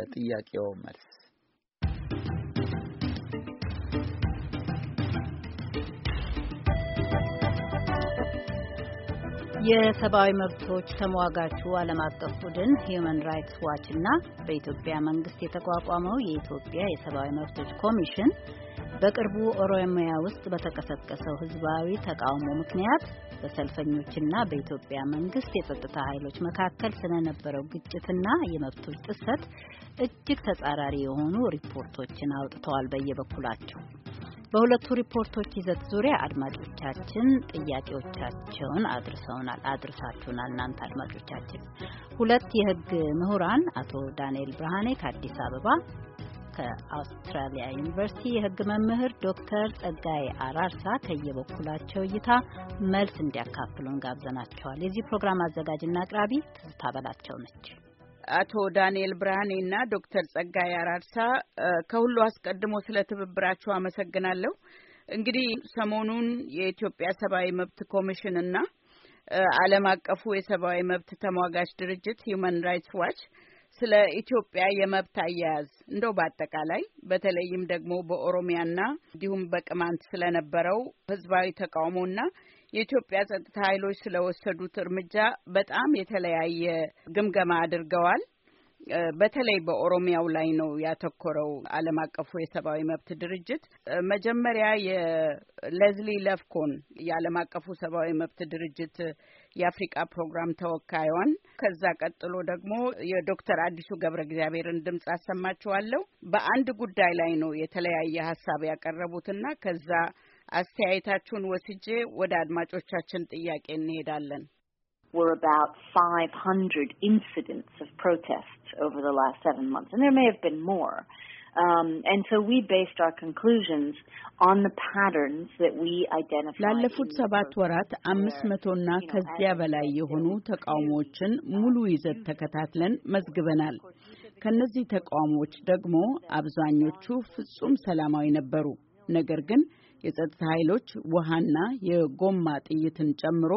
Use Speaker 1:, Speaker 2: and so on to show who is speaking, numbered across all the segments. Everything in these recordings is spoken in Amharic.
Speaker 1: ለጥያቄው መልስ
Speaker 2: የሰብአዊ መብቶች ተሟጋቹ ዓለም አቀፍ ቡድን ሂዩማን ራይትስ ዋች እና በኢትዮጵያ መንግስት የተቋቋመው የኢትዮጵያ የሰብአዊ መብቶች ኮሚሽን በቅርቡ ኦሮሚያ ውስጥ በተቀሰቀሰው ህዝባዊ ተቃውሞ ምክንያት በሰልፈኞችና በኢትዮጵያ መንግስት የጸጥታ ኃይሎች መካከል ስለነበረው ግጭትና የመብቶች ጥሰት እጅግ ተጻራሪ የሆኑ ሪፖርቶችን አውጥተዋል በየበኩላቸው። በሁለቱ ሪፖርቶች ይዘት ዙሪያ አድማጮቻችን ጥያቄዎቻቸውን አድርሰውናል አድርሳችሁናል እናንተ አድማጮቻችን። ሁለት የህግ ምሁራን አቶ ዳንኤል ብርሃኔ ከአዲስ አበባ ከአውስትራሊያ ዩኒቨርሲቲ የሕግ መምህር ዶክተር ጸጋዬ አራርሳ ከየበኩላቸው እይታ መልስ እንዲያካፍሉን ጋብዘናቸዋል። የዚህ ፕሮግራም አዘጋጅና አቅራቢ ትዝታ በላቸው ነች። አቶ ዳንኤል ብርሃኔ እና ዶክተር ጸጋዬ አራርሳ ከሁሉ አስቀድሞ ስለ ትብብራቸው አመሰግናለሁ። እንግዲህ ሰሞኑን የኢትዮጵያ ሰብአዊ መብት ኮሚሽን እና ዓለም አቀፉ የሰብአዊ መብት ተሟጋች ድርጅት ሂዩማን ራይትስ ዋች ስለ ኢትዮጵያ የመብት አያያዝ እንደው በአጠቃላይ በተለይም ደግሞ በኦሮሚያና እንዲሁም በቅማንት ስለነበረው ህዝባዊ ተቃውሞና የኢትዮጵያ ጸጥታ ኃይሎች ስለወሰዱት እርምጃ በጣም የተለያየ ግምገማ አድርገዋል። በተለይ በኦሮሚያው ላይ ነው ያተኮረው ዓለም አቀፉ የሰብአዊ መብት ድርጅት። መጀመሪያ የሌዝሊ ለፍኮን የዓለም አቀፉ ሰብአዊ መብት ድርጅት የአፍሪቃ ፕሮግራም ተወካይዋን፣ ከዛ ቀጥሎ ደግሞ የዶክተር አዲሱ ገብረ እግዚአብሔርን ድምፅ አሰማችኋለሁ። በአንድ ጉዳይ ላይ ነው የተለያየ ሀሳብ ያቀረቡትና ከዛ አስተያየታችሁን ወስጄ ወደ አድማጮቻችን ጥያቄ እንሄዳለን። were about 500 incidents of protests over the last seven months, and there may have been more. ላለፉት ሰባት ወራት አምስት መቶና ከዚያ በላይ የሆኑ ተቃውሞዎችን ሙሉ ይዘት ተከታትለን መዝግበናል። ከእነዚህ ተቃውሞዎች ደግሞ አብዛኞቹ ፍጹም ሰላማዊ ነበሩ። ነገር ግን የጸጥታ ኃይሎች ውሃና የጎማ ጥይትን ጨምሮ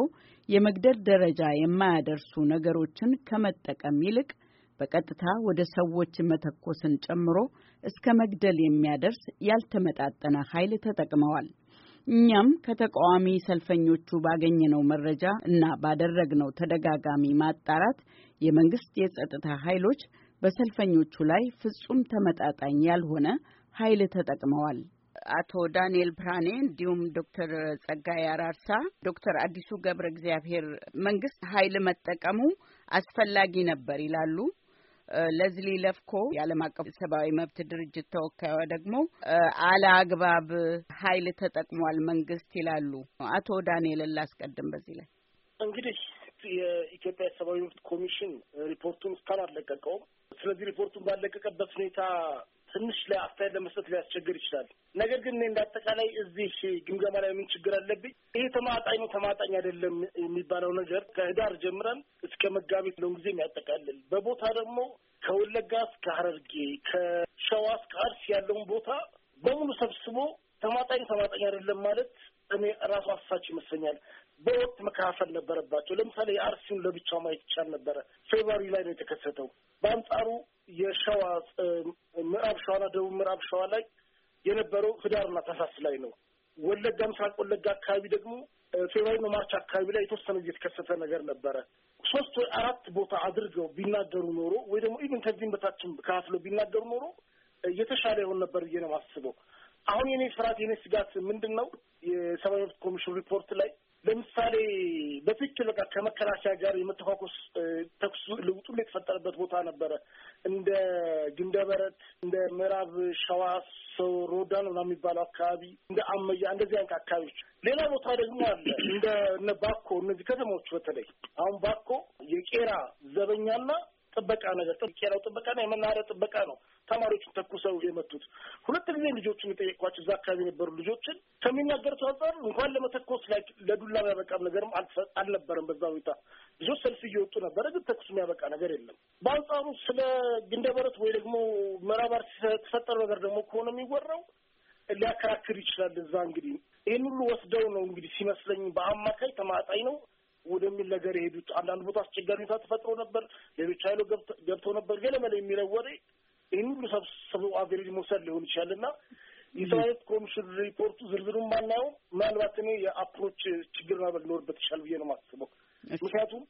Speaker 2: የመግደል ደረጃ የማያደርሱ ነገሮችን ከመጠቀም ይልቅ በቀጥታ ወደ ሰዎች መተኮስን ጨምሮ እስከ መግደል የሚያደርስ ያልተመጣጠነ ኃይል ተጠቅመዋል። እኛም ከተቃዋሚ ሰልፈኞቹ ባገኘነው መረጃ እና ባደረግነው ተደጋጋሚ ማጣራት የመንግስት የጸጥታ ኃይሎች በሰልፈኞቹ ላይ ፍጹም ተመጣጣኝ ያልሆነ ኃይል ተጠቅመዋል አቶ ዳንኤል ብርሃኔ እንዲሁም ዶክተር ጸጋይ አራርሳ፣ ዶክተር አዲሱ ገብረ እግዚአብሔር መንግስት ኃይል መጠቀሙ አስፈላጊ ነበር ይላሉ። ለዝሊ ለፍኮ የዓለም አቀፍ ሰብአዊ መብት ድርጅት ተወካዩ ደግሞ አለ አግባብ ኃይል ተጠቅሟል መንግስት ይላሉ። አቶ ዳንኤል ላስቀድም በዚህ ላይ እንግዲህ
Speaker 3: የኢትዮጵያ የሰብአዊ መብት ኮሚሽን ሪፖርቱን እስካሁን ስለዚህ ሪፖርቱን ባለቀቀበት ሁኔታ ትንሽ ላይ አስተያየት ለመስጠት ሊያስቸግር ይችላል። ነገር ግን እኔ እንዳጠቃላይ እዚህ ግምገማ ላይ ምን ችግር አለብኝ? ይሄ ተማጣኝ ነው ተማጣኝ አይደለም የሚባለው ነገር ከህዳር ጀምረን እስከ መጋቢት ነው ጊዜ የሚያጠቃልል በቦታ ደግሞ ከወለጋ እስከ ሐረርጌ ከሸዋ እስከ አርሲ ያለውን ቦታ በሙሉ ሰብስቦ ተማጣኝ ተማጣኝ አይደለም ማለት እኔ ራሱ አሳች ይመስለኛል። በወቅት መከፋፈል ነበረባቸው። ለምሳሌ የአርሲውን ለብቻው ማየት ይቻል ነበረ። ፌብሩዋሪ ላይ ነው የተከሰተው። በአንጻሩ የሸዋ ምዕራብ ሸዋና ደቡብ ምዕራብ ሸዋ ላይ የነበረው ህዳርና ታህሳስ ላይ ነው። ወለጋ፣ ምስራቅ ወለጋ አካባቢ ደግሞ ፌብሩዋሪና ማርች አካባቢ ላይ የተወሰነ የተከሰተ ነገር ነበረ። ሶስት ወይ አራት ቦታ አድርገው ቢናገሩ ኖሮ ወይ ደግሞ ኢቭን ከዚህም በታችም ከፋፍለው ቢናገሩ ኖሮ የተሻለ ይሆን ነበር ብዬ ነው የማስበው። አሁን የኔ ፍርሃት የኔ ስጋት ምንድን ነው? የሰብአዊ መብት ኮሚሽን ሪፖርት ላይ ለምሳሌ በትክክል በቃ ከመከላከያ ጋር የመተኳኮስ ተኩስ ልውጡ የተፈጠረበት ቦታ ነበረ። እንደ ግንደበረት፣ እንደ ምዕራብ ሸዋ ሰው ሮዳን ና የሚባለው አካባቢ፣ እንደ አመያ እንደዚህ አይነት አካባቢዎች። ሌላ ቦታ ደግሞ አለ እንደ እነ ባኮ፣ እነዚህ ከተሞች በተለይ አሁን ባኮ የቄራ ዘበኛና ጥበቃ ነገር ጥበቃ ነው የመናኸሪያ ጥበቃ ነው። ተማሪዎችን ተኩሰው የመቱት ሁለት ጊዜ ልጆችን የጠየቅኳቸው እዛ አካባቢ የነበሩ ልጆችን ከሚናገሩት አንጻር እንኳን ለመተኮስ ላይ ለዱላ ያበቃም ነገርም አልነበረም። በዛ ሁኔታ ልጆች ሰልፍ እየወጡ ነበረ፣ ግን ተኩስ የሚያበቃ ነገር የለም። በአንጻሩ ስለ ግንደበረት ወይ ደግሞ መራባር የተፈጠረ ነገር ደግሞ ከሆነ የሚወራው ሊያከራክር ይችላል። እዛ እንግዲህ ይህን ሁሉ ወስደው ነው እንግዲህ ሲመስለኝ በአማካይ ተማጣኝ ነው ወደሚል ነገር የሄዱት አንዳንድ ቦታ አስቸጋሪ ሁኔታ ተፈጥሮ ነበር፣ ሌሎች ሀይሎ ገብቶ ነበር ገለመለ የሚለው ወሬ ይህን ሁሉ ሰብስበው አቬሬጅ መውሰድ ሊሆን ይችላል እና የሰብአዊነት ኮሚሽን ሪፖርቱ ዝርዝሩን ማናየው ምናልባት እኔ የአፕሮች ችግር ማበር ሊኖርበት ይችላል ብዬ ነው የማስበው። ምክንያቱም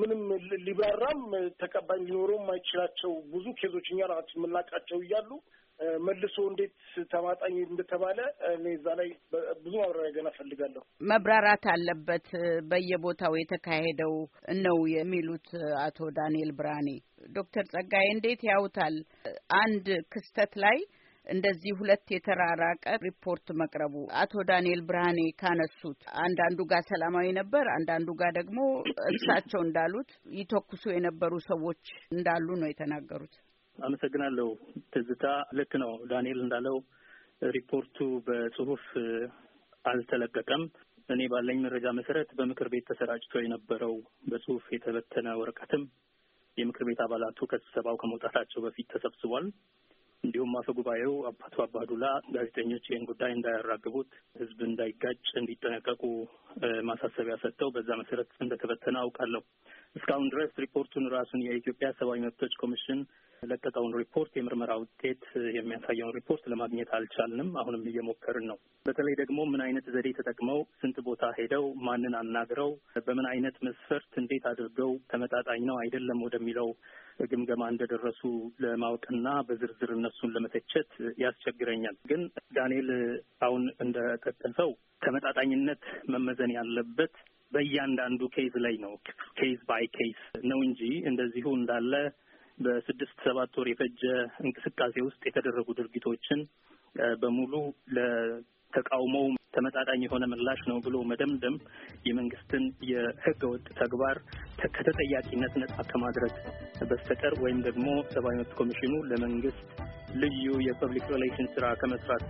Speaker 3: ምንም ሊብራራም ተቀባይ ሊኖረውም ማይችላቸው ብዙ ኬዞች እኛ ራሳችን የምናውቃቸው እያሉ መልሶ እንዴት ተማጣኝ እንደተባለ እኔ እዛ ላይ ብዙ ማብራሪያ ገና ፈልጋለሁ።
Speaker 2: መብራራት አለበት በየቦታው የተካሄደው ነው የሚሉት አቶ ዳንኤል ብርሃኔ። ዶክተር ጸጋዬ እንዴት ያውታል? አንድ ክስተት ላይ እንደዚህ ሁለት የተራራቀ ሪፖርት መቅረቡ አቶ ዳንኤል ብርሃኔ ካነሱት አንዳንዱ ጋር ሰላማዊ ነበር፣ አንዳንዱ ጋር ደግሞ እርሳቸው እንዳሉት ይተኩሱ የነበሩ ሰዎች እንዳሉ ነው የተናገሩት።
Speaker 1: አመሰግናለሁ ትዝታ። ልክ ነው ዳንኤል እንዳለው ሪፖርቱ በጽሁፍ አልተለቀቀም። እኔ ባለኝ መረጃ መሰረት በምክር ቤት ተሰራጭቶ የነበረው በጽሁፍ የተበተነ ወረቀትም የምክር ቤት አባላቱ ከስብሰባው ከመውጣታቸው በፊት ተሰብስቧል። እንዲሁም አፈ ጉባኤው አባቱ አባዱላ ጋዜጠኞች ይህን ጉዳይ እንዳያራግቡት፣ ህዝብ እንዳይጋጭ እንዲጠነቀቁ ማሳሰቢያ ሰጥተው በዛ መሰረት እንደተበተነ አውቃለሁ። እስካሁን ድረስ ሪፖርቱን ራሱን የኢትዮጵያ ሰብአዊ መብቶች ኮሚሽን ለቀቀውን ሪፖርት የምርመራ ውጤት የሚያሳየውን ሪፖርት ለማግኘት አልቻልንም። አሁንም እየሞከርን ነው። በተለይ ደግሞ ምን አይነት ዘዴ ተጠቅመው፣ ስንት ቦታ ሄደው፣ ማንን አናግረው፣ በምን አይነት መስፈርት እንዴት አድርገው ተመጣጣኝ ነው አይደለም ወደሚለው ግምገማ እንደደረሱ ለማወቅና በዝርዝር እነሱን ለመተቸት ያስቸግረኛል። ግን ዳንኤል አሁን እንደጠቀሰው ተመጣጣኝነት መመዘን ያለበት በእያንዳንዱ ኬዝ ላይ ነው። ኬዝ ባይ ኬዝ ነው እንጂ እንደዚሁ እንዳለ በስድስት ሰባት ወር የፈጀ እንቅስቃሴ ውስጥ የተደረጉ ድርጊቶችን በሙሉ ለተቃውሞው ተመጣጣኝ የሆነ ምላሽ ነው ብሎ መደምደም የመንግስትን የህገወጥ ተግባር ከተጠያቂነት ነጻ ከማድረግ በስተቀር ወይም ደግሞ ሰብአዊ መብት ኮሚሽኑ ለመንግስት ልዩ የፐብሊክ ሪሌሽን ስራ ከመስራት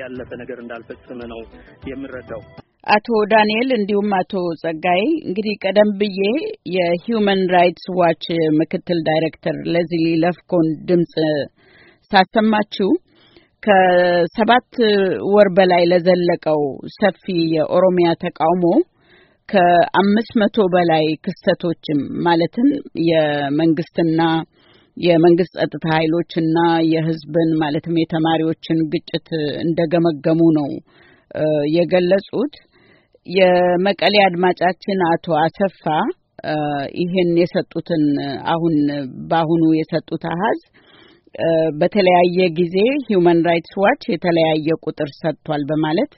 Speaker 1: ያለፈ ነገር እንዳልፈጸመ
Speaker 2: ነው የምረዳው። አቶ ዳንኤል እንዲሁም አቶ ጸጋይ እንግዲህ ቀደም ብዬ የሂዩማን ራይትስ ዋች ምክትል ዳይሬክተር ለዚህ ለፍኮን ድምጽ ሳሰማችሁ ከሰባት ወር በላይ ለዘለቀው ሰፊ የኦሮሚያ ተቃውሞ ከአምስት መቶ በላይ ክስተቶችም ማለትም የመንግስትና የመንግስት ጸጥታ ኃይሎችና የህዝብን ማለትም የተማሪዎችን ግጭት እንደገመገሙ ነው የገለጹት። የመቀሌ አድማጫችን አቶ አሰፋ ይህን የሰጡትን አሁን በአሁኑ የሰጡት አሀዝ በተለያየ ጊዜ ሂውማን ራይትስ ዋች የተለያየ ቁጥር ሰጥቷል በማለት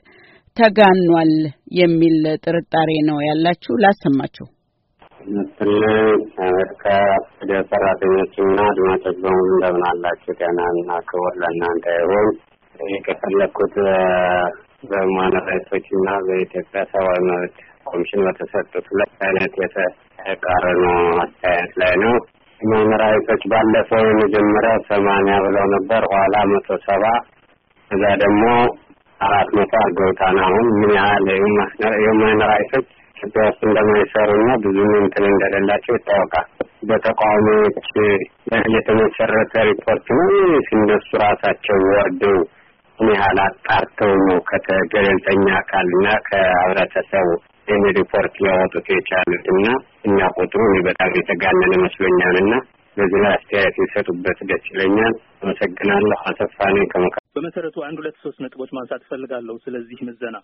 Speaker 2: ተጋኗል የሚል ጥርጣሬ ነው ያላችሁ? ላሰማችሁ
Speaker 4: ምትል አሜሪካ ወደ ሰራተኞችና አድማጮች በሙሉ እንደምን አላችሁ? ጤናና ክብር ለእናንተ ይሁን። የከፈለግኩት በሂውማን ራይትስ እና በኢትዮጵያ ሰብአዊ መብት ኮሚሽን በተሰጡት ሁለት አይነት የተቃረኑ አስተያየት ላይ ነው። ማመራዊቶች ባለፈው የመጀመሪያ ሰማንያ ብለው ነበር፣ ኋላ መቶ ሰባ እዛ ደግሞ አራት መቶ አድርገውታል። አሁን ምን ያህል የማን ራይቶች ኢትዮጵያ ውስጥ እንደማይሰሩ እና ብዙ እንትን እንደሌላቸው ይታወቃል። በተቃዋሚዎች የተመሰረተ ሪፖርት ነው ወይስ እነሱ ራሳቸው ወርደው ምን ያህል አጣርተው ነው ከተገለልተኛ አካልና ከህብረተሰቡ ይህን ሪፖርት ሊያወጡት የቻሉት እና እኛ ቁጥሩ እኔ በጣም የተጋነነ መስሎኛል እና በዚህ ላይ አስተያየት ይሰጡበት ደስ ይለኛል። አመሰግናለሁ። አሰፋ ነኝ ከመካ
Speaker 1: በመሰረቱ አንድ ሁለት ሶስት ነጥቦች ማንሳት እፈልጋለሁ። ስለዚህ ምዘና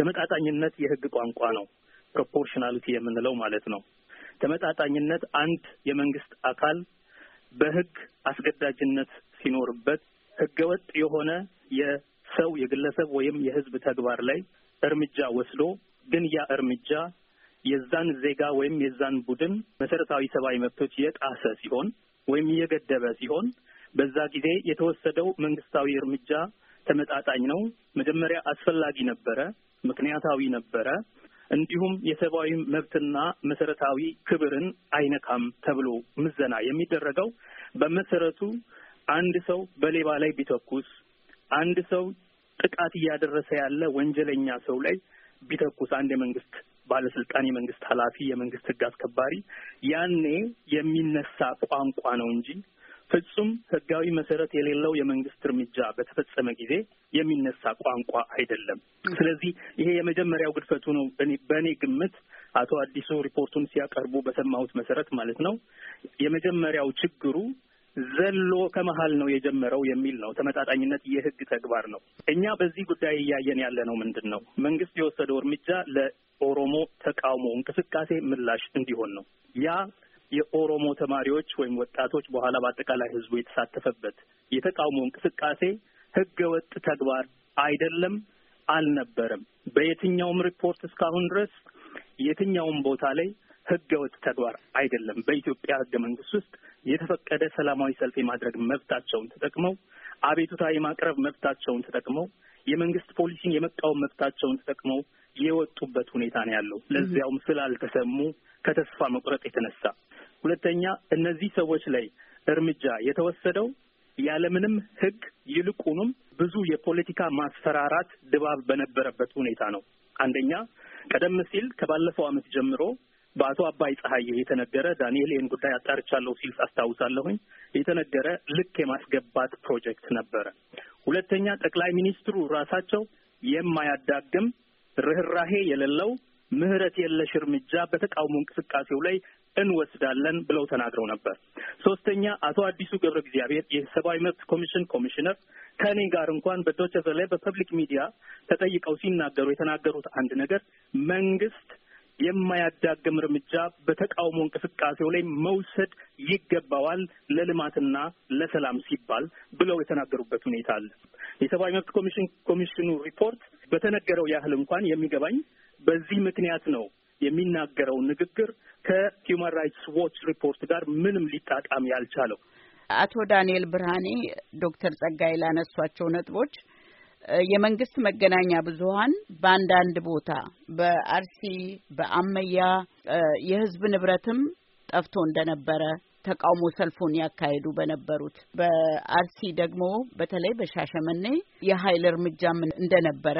Speaker 1: ተመጣጣኝነት የህግ ቋንቋ ነው። ፕሮፖርሽናሊቲ የምንለው ማለት ነው። ተመጣጣኝነት አንድ የመንግስት አካል በህግ አስገዳጅነት ሲኖርበት ህገ ወጥ የሆነ የሰው የግለሰብ ወይም የህዝብ ተግባር ላይ እርምጃ ወስዶ ግን ያ እርምጃ የዛን ዜጋ ወይም የዛን ቡድን መሰረታዊ ሰብአዊ መብቶች የጣሰ ሲሆን ወይም የገደበ ሲሆን በዛ ጊዜ የተወሰደው መንግስታዊ እርምጃ ተመጣጣኝ ነው፣ መጀመሪያ አስፈላጊ ነበረ፣ ምክንያታዊ ነበረ፣ እንዲሁም የሰብአዊ መብትና መሰረታዊ ክብርን አይነካም ተብሎ ምዘና የሚደረገው በመሰረቱ አንድ ሰው በሌባ ላይ ቢተኩስ አንድ ሰው ጥቃት እያደረሰ ያለ ወንጀለኛ ሰው ላይ ቢተኩስ አንድ የመንግስት ባለስልጣን፣ የመንግስት ኃላፊ፣ የመንግስት ህግ አስከባሪ ያኔ የሚነሳ ቋንቋ ነው እንጂ ፍጹም ህጋዊ መሰረት የሌለው የመንግስት እርምጃ በተፈጸመ ጊዜ የሚነሳ ቋንቋ አይደለም። ስለዚህ ይሄ የመጀመሪያው ግድፈቱ ነው። በእኔ ግምት አቶ አዲሱ ሪፖርቱን ሲያቀርቡ በሰማሁት መሰረት ማለት ነው የመጀመሪያው ችግሩ ዘሎ ከመሀል ነው የጀመረው የሚል ነው። ተመጣጣኝነት የህግ ተግባር ነው። እኛ በዚህ ጉዳይ እያየን ያለ ነው ምንድን ነው መንግስት የወሰደው እርምጃ ለኦሮሞ ተቃውሞ እንቅስቃሴ ምላሽ እንዲሆን ነው። ያ የኦሮሞ ተማሪዎች ወይም ወጣቶች በኋላ በአጠቃላይ ህዝቡ የተሳተፈበት የተቃውሞ እንቅስቃሴ ህገ ወጥ ተግባር አይደለም፣ አልነበረም። በየትኛውም ሪፖርት እስካሁን ድረስ የትኛውም ቦታ ላይ ህገወጥ ተግባር አይደለም። በኢትዮጵያ ህገ መንግስት ውስጥ የተፈቀደ ሰላማዊ ሰልፍ የማድረግ መብታቸውን ተጠቅመው አቤቱታ የማቅረብ መብታቸውን ተጠቅመው የመንግስት ፖሊሲን የመቃወም መብታቸውን ተጠቅመው የወጡበት ሁኔታ ነው ያለው። ለዚያውም ስላልተሰሙ ከተስፋ መቁረጥ የተነሳ። ሁለተኛ እነዚህ ሰዎች ላይ እርምጃ የተወሰደው ያለምንም ህግ ይልቁንም ብዙ የፖለቲካ ማስፈራራት ድባብ በነበረበት ሁኔታ ነው። አንደኛ ቀደም ሲል ከባለፈው ዓመት ጀምሮ በአቶ አባይ ፀሐይ የተነገረ ዳንኤል ይህን ጉዳይ አጣርቻለሁ ሲል አስታውሳለሁኝ የተነገረ ልክ የማስገባት ፕሮጀክት ነበረ። ሁለተኛ ጠቅላይ ሚኒስትሩ ራሳቸው የማያዳግም ርኅራሄ የሌለው ምህረት የለሽ እርምጃ በተቃውሞ እንቅስቃሴው ላይ እንወስዳለን ብለው ተናግረው ነበር። ሶስተኛ አቶ አዲሱ ገብረ እግዚአብሔር የሰብአዊ መብት ኮሚሽን ኮሚሽነር ከእኔ ጋር እንኳን በዶቸቨለ በፐብሊክ ሚዲያ ተጠይቀው ሲናገሩ የተናገሩት አንድ ነገር መንግስት የማያዳግም እርምጃ በተቃውሞ እንቅስቃሴው ላይ መውሰድ ይገባዋል ለልማትና ለሰላም ሲባል ብለው የተናገሩበት ሁኔታ አለ። የሰብአዊ መብት ኮሚሽን ኮሚሽኑ ሪፖርት በተነገረው ያህል እንኳን የሚገባኝ በዚህ ምክንያት ነው የሚናገረው ንግግር ከሂውማን ራይትስ ዎች ሪፖርት ጋር ምንም ሊጣጣም ያልቻለው
Speaker 2: አቶ ዳንኤል ብርሃኔ ዶክተር ጸጋይ ላነሷቸው ነጥቦች የመንግስት መገናኛ ብዙሀን በአንዳንድ ቦታ በአርሲ በአመያ የህዝብ ንብረትም ጠፍቶ እንደነበረ ተቃውሞ ሰልፉን ያካሄዱ በነበሩት በአርሲ ደግሞ በተለይ በሻሸመኔ የኃይል እርምጃም እንደነበረ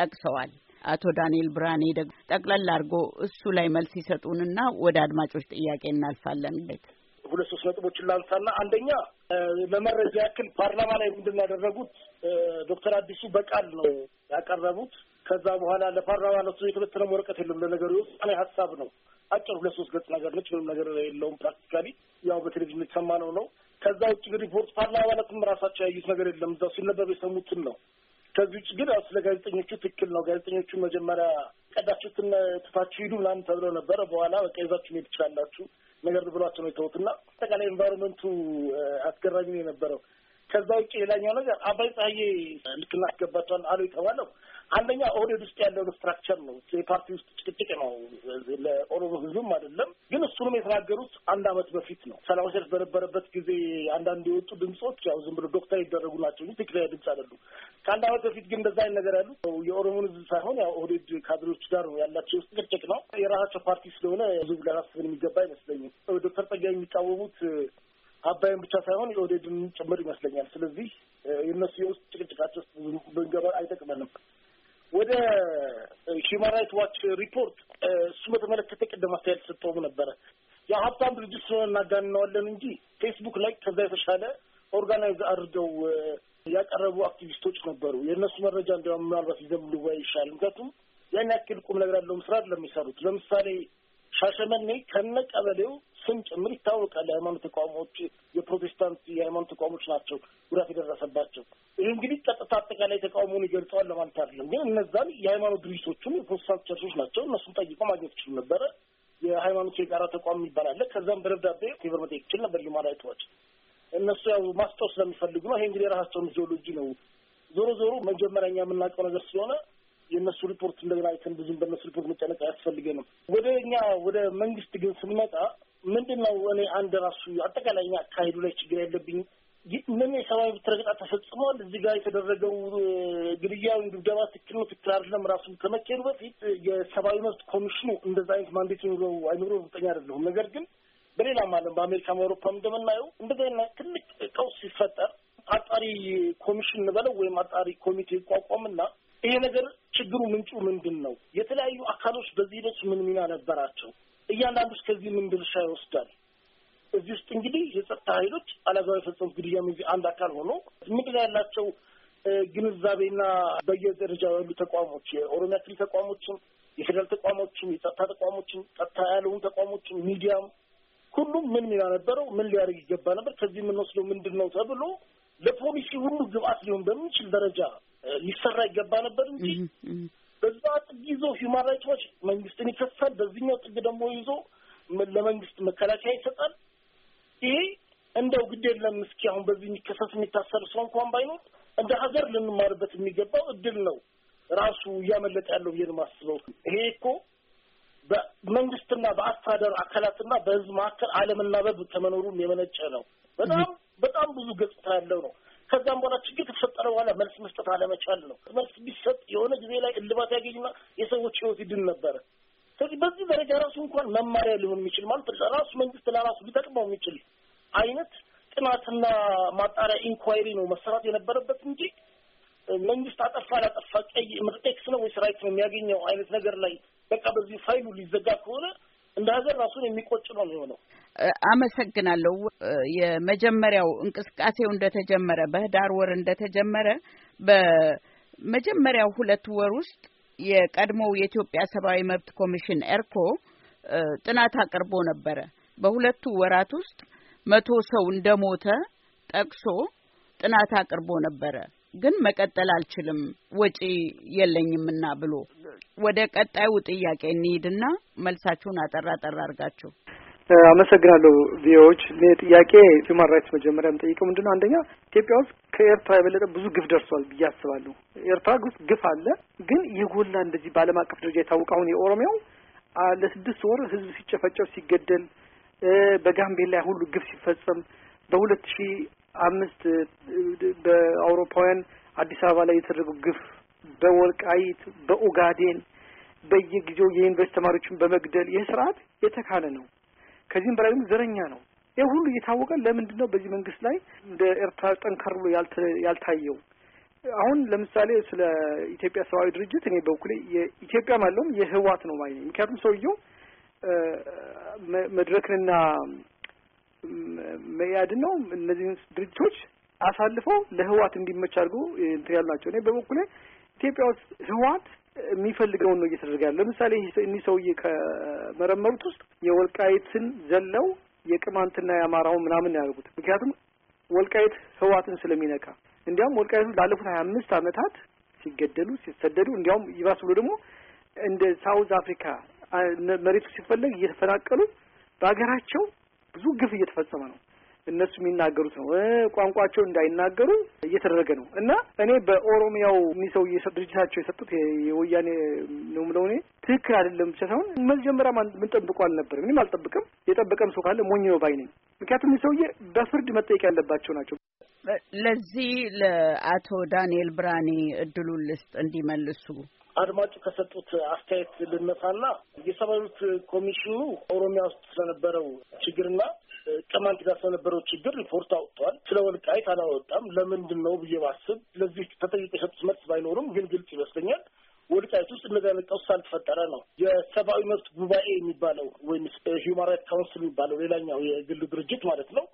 Speaker 2: ጠቅሰዋል። አቶ ዳንኤል ብርሃኔ ደግሞ ጠቅለል አድርጎ እሱ ላይ መልስ ይሰጡንና ወደ አድማጮች ጥያቄ እናልፋለን። ቤት
Speaker 3: ሁለት ሶስት ነጥቦችን ላንሳና አንደኛ ለመረጃ ያክል ፓርላማ ላይ ምንድን ያደረጉት ዶክተር አዲሱ በቃል ነው ያቀረቡት። ከዛ በኋላ ለፓርላማ ነሱ የተበተነ ወረቀት የለም። ለነገሩ የውሳኔ ሀሳብ ነው። አጭር ሁለት ሶስት ገጽ ነገር ነች። ምንም ነገር የለውም። ፕራክቲካሊ ያው በቴሌቪዥን የተሰማ ነው ነው። ከዛ ውጭ ግን ሪፖርት ፓርላማ አባላትም ራሳቸው ያዩት ነገር የለም። እዛው ሲነበብ የሰሙትን ነው። ከዚህ ውጭ ግን ስለ ጋዜጠኞቹ ትክክል ነው። ጋዜጠኞቹ መጀመሪያ ቀዳችሁትን ትታችሁ ሂዱ ምናምን ተብለው ነበረ። በኋላ በቃ ይዛችሁ መሄድ ትችላላችሁ ነገር ብሏቸው ነው የተውት የተውትና አጠቃላይ ኤንቫይሮንመንቱ አስገራሚ ነው የነበረው። ከዛ ውጭ ሌላኛው ነገር አባይ ፀሐዬ ልክ እናስገባቸዋለን አሉ የተባለው አንደኛ ኦህዴድ ውስጥ ያለው ስትራክቸር ነው። የፓርቲ ውስጥ ጭቅጭቅ ነው፣ ለኦሮሞ ህዝብም አይደለም። ግን እሱንም የተናገሩት አንድ አመት በፊት ነው። ሰላማዊ ሰልፍ በነበረበት ጊዜ አንዳንድ የወጡ ድምጾች ያው ዝም ብሎ ዶክተር ይደረጉ ናቸው እንጂ ትክክለኛ ድምጽ አይደሉም። ከአንድ አመት በፊት ግን እንደዛ አይነት ነገር ያሉት የኦሮሞን ህዝብ ሳይሆን ያው ኦህዴድ ካድሬዎች ጋር ነው ያላቸው ውስጥ ጭቅጭቅ ነው። የራሳቸው ፓርቲ ስለሆነ ህዝብ ሊያሳስብን የሚገባ አይመስለኝም። ዶክተር ጸጋዬ የሚቃወሙት አባይን ብቻ ሳይሆን የኦህዴድን ጭምር ይመስለኛል። ስለዚህ የእነሱ የውስጥ ጭቅጭቃቸው ውስጥ ብንገባ አይጠቅመንም። ወደ ሂውማን ራይት ዋች ሪፖርት እሱ በተመለከተ ቅድም አስተያየት ሰጠውም ነበረ። የሀብታም ድርጅት ስለሆነ እናጋንነዋለን እንጂ ፌስቡክ ላይ ከዛ የተሻለ ኦርጋናይዝ አድርገው ያቀረቡ አክቲቪስቶች ነበሩ። የእነሱ መረጃ እንዲያውም ምናልባት ይዘን ልወያይ ይሻል። ምክንያቱም ያን ያክል ቁም ነገር ያለውም ስራ ለሚሰሩት ለምሳሌ ሻሸመኔ ከነ ቀበሌው ስም ጭምር ይታወቃል። የሃይማኖት ተቋሞች የፕሮቴስታንት የሃይማኖት ተቋሞች ናቸው ጉዳት የደረሰባቸው። ይህ እንግዲህ ቀጥታ አጠቃላይ ተቃውሞውን ይገልጸዋል ለማለት አይደለም፣ ግን እነዛን የሃይማኖት ድርጅቶቹም የፕሮቴስታንት ቸርቾች ናቸው። እነሱን ጠይቆ ማግኘት ይችሉ ነበረ። የሃይማኖት የጋራ ተቋም የሚባል አለ። ከዛም በደብዳቤ ቴቨር መጠየቅ ይችል ነበር። ሊማላይተዋች እነሱ ያው ማስታወስ ስለሚፈልጉ ነው። ይሄ እንግዲህ የራሳቸውን ጂኦሎጂ ነው። ዞሮ ዞሮ መጀመሪያ እኛ የምናውቀው ነገር ስለሆነ የእነሱ ሪፖርት እንደገና አይተን ብዙም በእነሱ ሪፖርት መጨነቅ አያስፈልገንም። ወደ እኛ ወደ መንግስት ግን ስንመጣ ምንድን ነው እኔ አንድ ራሱ አጠቃላይ እኛ አካሄዱ ላይ ችግር ያለብኝ ምን የሰብአዊ መብት ረገጣ ተፈጽሟል። እዚህ ጋር የተደረገው ግድያ ወይም ድብደባ ትክክል ነው ትክክል አይደለም ራሱን ከመካሄዱ በፊት የሰብአዊ መብት ኮሚሽኑ እንደዛ አይነት ማንዴት ይኑረው አይኑረው እርግጠኛ አይደለሁም። ነገር ግን በሌላም ዓለም በአሜሪካም አውሮፓም እንደምናየው እንደዚህ አይነት ትልቅ ቀውስ ሲፈጠር አጣሪ ኮሚሽን እንበለው ወይም አጣሪ ኮሚቴ ይቋቋምና ይሄ ነገር ችግሩ ምንጩ ምንድን ነው? የተለያዩ አካሎች በዚህ ሂደት ምን ሚና ነበራቸው? እያንዳንዱ ከዚህ ምን ድርሻ ይወስዳል? እዚህ ውስጥ እንግዲህ የጸጥታ ኃይሎች አላግባብ የፈጸሙት ግድያም እዚህ አንድ አካል ሆኖ ምንድን ያላቸው ግንዛቤና በየደረጃው ያሉ ተቋሞች የኦሮሚያ ክልል ተቋሞችን፣ የፌዴራል ተቋሞችን፣ የጸጥታ ተቋሞችን፣ ጸጥታ ያለውን ተቋሞችን፣ ሚዲያም ሁሉም ምን ሚና ነበረው? ምን ሊያደርግ ይገባ ነበር? ከዚህ የምንወስደው ምንድን ነው ተብሎ ለፖሊሲ ሁሉ ግብአት ሊሆን በሚችል ደረጃ ሊሰራ ይገባ ነበር እንጂ በዛ ጥግ ይዞ ሂውማን ራይት ዋች መንግስትን ይከሳል፣ በዚህኛው ጥግ ደግሞ ይዞ ለመንግስት መከላከያ ይሰጣል። ይሄ እንደው ግድ የለም እስኪ አሁን በዚህ የሚከሰስ የሚታሰር ሰው እንኳን ባይኖር እንደ ሀገር ልንማርበት የሚገባው እድል ነው ራሱ እያመለጠ ያለው ብዬ ማስበው። ይሄ እኮ በመንግስትና በአስተዳደር አካላትና በህዝብ መካከል አለመናበብ ከመኖሩም የመነጨ ነው። በጣም በጣም ብዙ ገጽታ ያለው ነው። ከዛም በኋላ ችግር ከተፈጠረ በኋላ መልስ መስጠት አለመቻል ነው። መልስ ቢሰጥ የሆነ ጊዜ ላይ እልባት ያገኝና የሰዎች ህይወት ይድን ነበረ። ስለዚህ በዚህ ደረጃ ራሱ እንኳን መማሪያ ሊሆን የሚችል ማለት ራሱ መንግስት ለራሱ ሊጠቅመው የሚችል አይነት ጥናትና ማጣሪያ ኢንኳይሪ ነው መሰራት የነበረበት እንጂ መንግስት አጠፋ ላጠፋ ቀይ ምርጤክስ ነው ወይስ ራይት ነው የሚያገኘው አይነት ነገር ላይ በቃ በዚህ ፋይሉ ሊዘጋ ከሆነ እንደ ሀገር ራሱን የሚቆጭ
Speaker 2: ነው የሚሆነው። አመሰግናለሁ። የመጀመሪያው እንቅስቃሴው እንደተጀመረ በህዳር ወር እንደተጀመረ በመጀመሪያው ሁለት ወር ውስጥ የቀድሞው የኢትዮጵያ ሰብአዊ መብት ኮሚሽን ኤርኮ ጥናት አቅርቦ ነበረ። በሁለቱ ወራት ውስጥ መቶ ሰው እንደሞተ ጠቅሶ ጥናት አቅርቦ ነበረ። ግን መቀጠል አልችልም ወጪ የለኝምና ብሎ ወደ ቀጣዩ ጥያቄ እንሂድና መልሳችሁን አጠራ ጠራ አድርጋችሁ
Speaker 5: አመሰግናለሁ። ቪዎች እኔ ጥያቄ ሂውማን ራይትስ መጀመሪያ የምጠይቀው ምንድን ነው፣ አንደኛ ኢትዮጵያ ውስጥ ከኤርትራ የበለጠ ብዙ ግፍ ደርሷል ብዬ አስባለሁ። ኤርትራ ውስጥ ግፍ አለ፣ ግን የጎላ እንደዚህ በዓለም አቀፍ ደረጃ የታወቀ አሁን የኦሮሚያው ለስድስት ወር ህዝብ ሲጨፈጨፍ ሲገደል፣ በጋምቤላ ሁሉ ግፍ ሲፈጸም በሁለት ሺ አምስት በአውሮፓውያን አዲስ አበባ ላይ የተደረገው ግፍ በወልቃይት በኦጋዴን በየጊዜው የዩኒቨርስቲ ተማሪዎችን በመግደል ይህ ስርዓት የተካነ ነው። ከዚህም በላይ ደግሞ ዘረኛ ነው። ይህ ሁሉ እየታወቀ ለምንድን ነው በዚህ መንግስት ላይ እንደ ኤርትራ ጠንከር ብሎ ያልታየው? አሁን ለምሳሌ ስለ ኢትዮጵያ ሰብአዊ ድርጅት እኔ በኩሌ የኢትዮጵያ ማለውም የህዋት ነው ማለት ምክንያቱም ሰውየው መድረክንና መያድን ነው እነዚህን ድርጅቶች አሳልፈው ለህዋት እንዲመች አድርጎ እንትን ያሉ ናቸው። እኔ በበኩሌ ኢትዮጵያ ውስጥ ህዋት የሚፈልገውን ነው እየተደረገ ያለ። ለምሳሌ እኒህ ሰውዬ ከመረመሩት ውስጥ የወልቃይትን ዘለው የቅማንትና የአማራውን ምናምን ያደርጉት። ምክንያቱም ወልቃይት ህዋትን ስለሚነካ እንዲያውም ወልቃይቱ ላለፉት ሀያ አምስት አመታት ሲገደሉ ሲሰደዱ፣ እንዲያውም ይባስ ብሎ ደግሞ እንደ ሳውዝ አፍሪካ መሬቱ ሲፈለግ እየተፈናቀሉ በሀገራቸው ብዙ ግፍ እየተፈጸመ ነው። እነሱ የሚናገሩት ነው ቋንቋቸው እንዳይናገሩ እየተደረገ ነው እና እኔ በኦሮሚያው የሚሰው ድርጅታቸው የሰጡት የወያኔ ነው ምለው እኔ ትክክል አይደለም ብቻ ሳይሆን መጀመሪያ ምን ጠብቆ አልነበርም። ምንም አልጠብቅም። የጠበቀም ሰው ካለ ሞኝ ነው ባይ ነኝ። ምክንያቱም ሰውዬ በፍርድ መጠየቅ ያለባቸው ናቸው።
Speaker 2: ለዚህ ለአቶ ዳንኤል ብራኔ እድሉን ልስጥ እንዲመልሱ።
Speaker 3: አድማጩ ከሰጡት አስተያየት ልነሳና የሰብአዊ መብት ኮሚሽኑ ኦሮሚያ ውስጥ ስለነበረው ችግርና ቅማንት ጋር ስለነበረው ችግር ሪፖርት አውጥቷል። ስለ ወልቃይት አላወጣም ለምንድን ነው ብዬ ባስብ ለዚህ ተጠይቆ የሰጡት መልስ ባይኖርም ግን ግልጽ ይመስለኛል ወልቃይት ውስጥ እነዚህ አይነት ቀውስ አልተፈጠረ ነው። የሰብአዊ መብት ጉባኤ የሚባለው ወይም ሂውማን ራይት ካውንስል የሚባለው ሌላኛው የግል ድርጅት ማለት ነው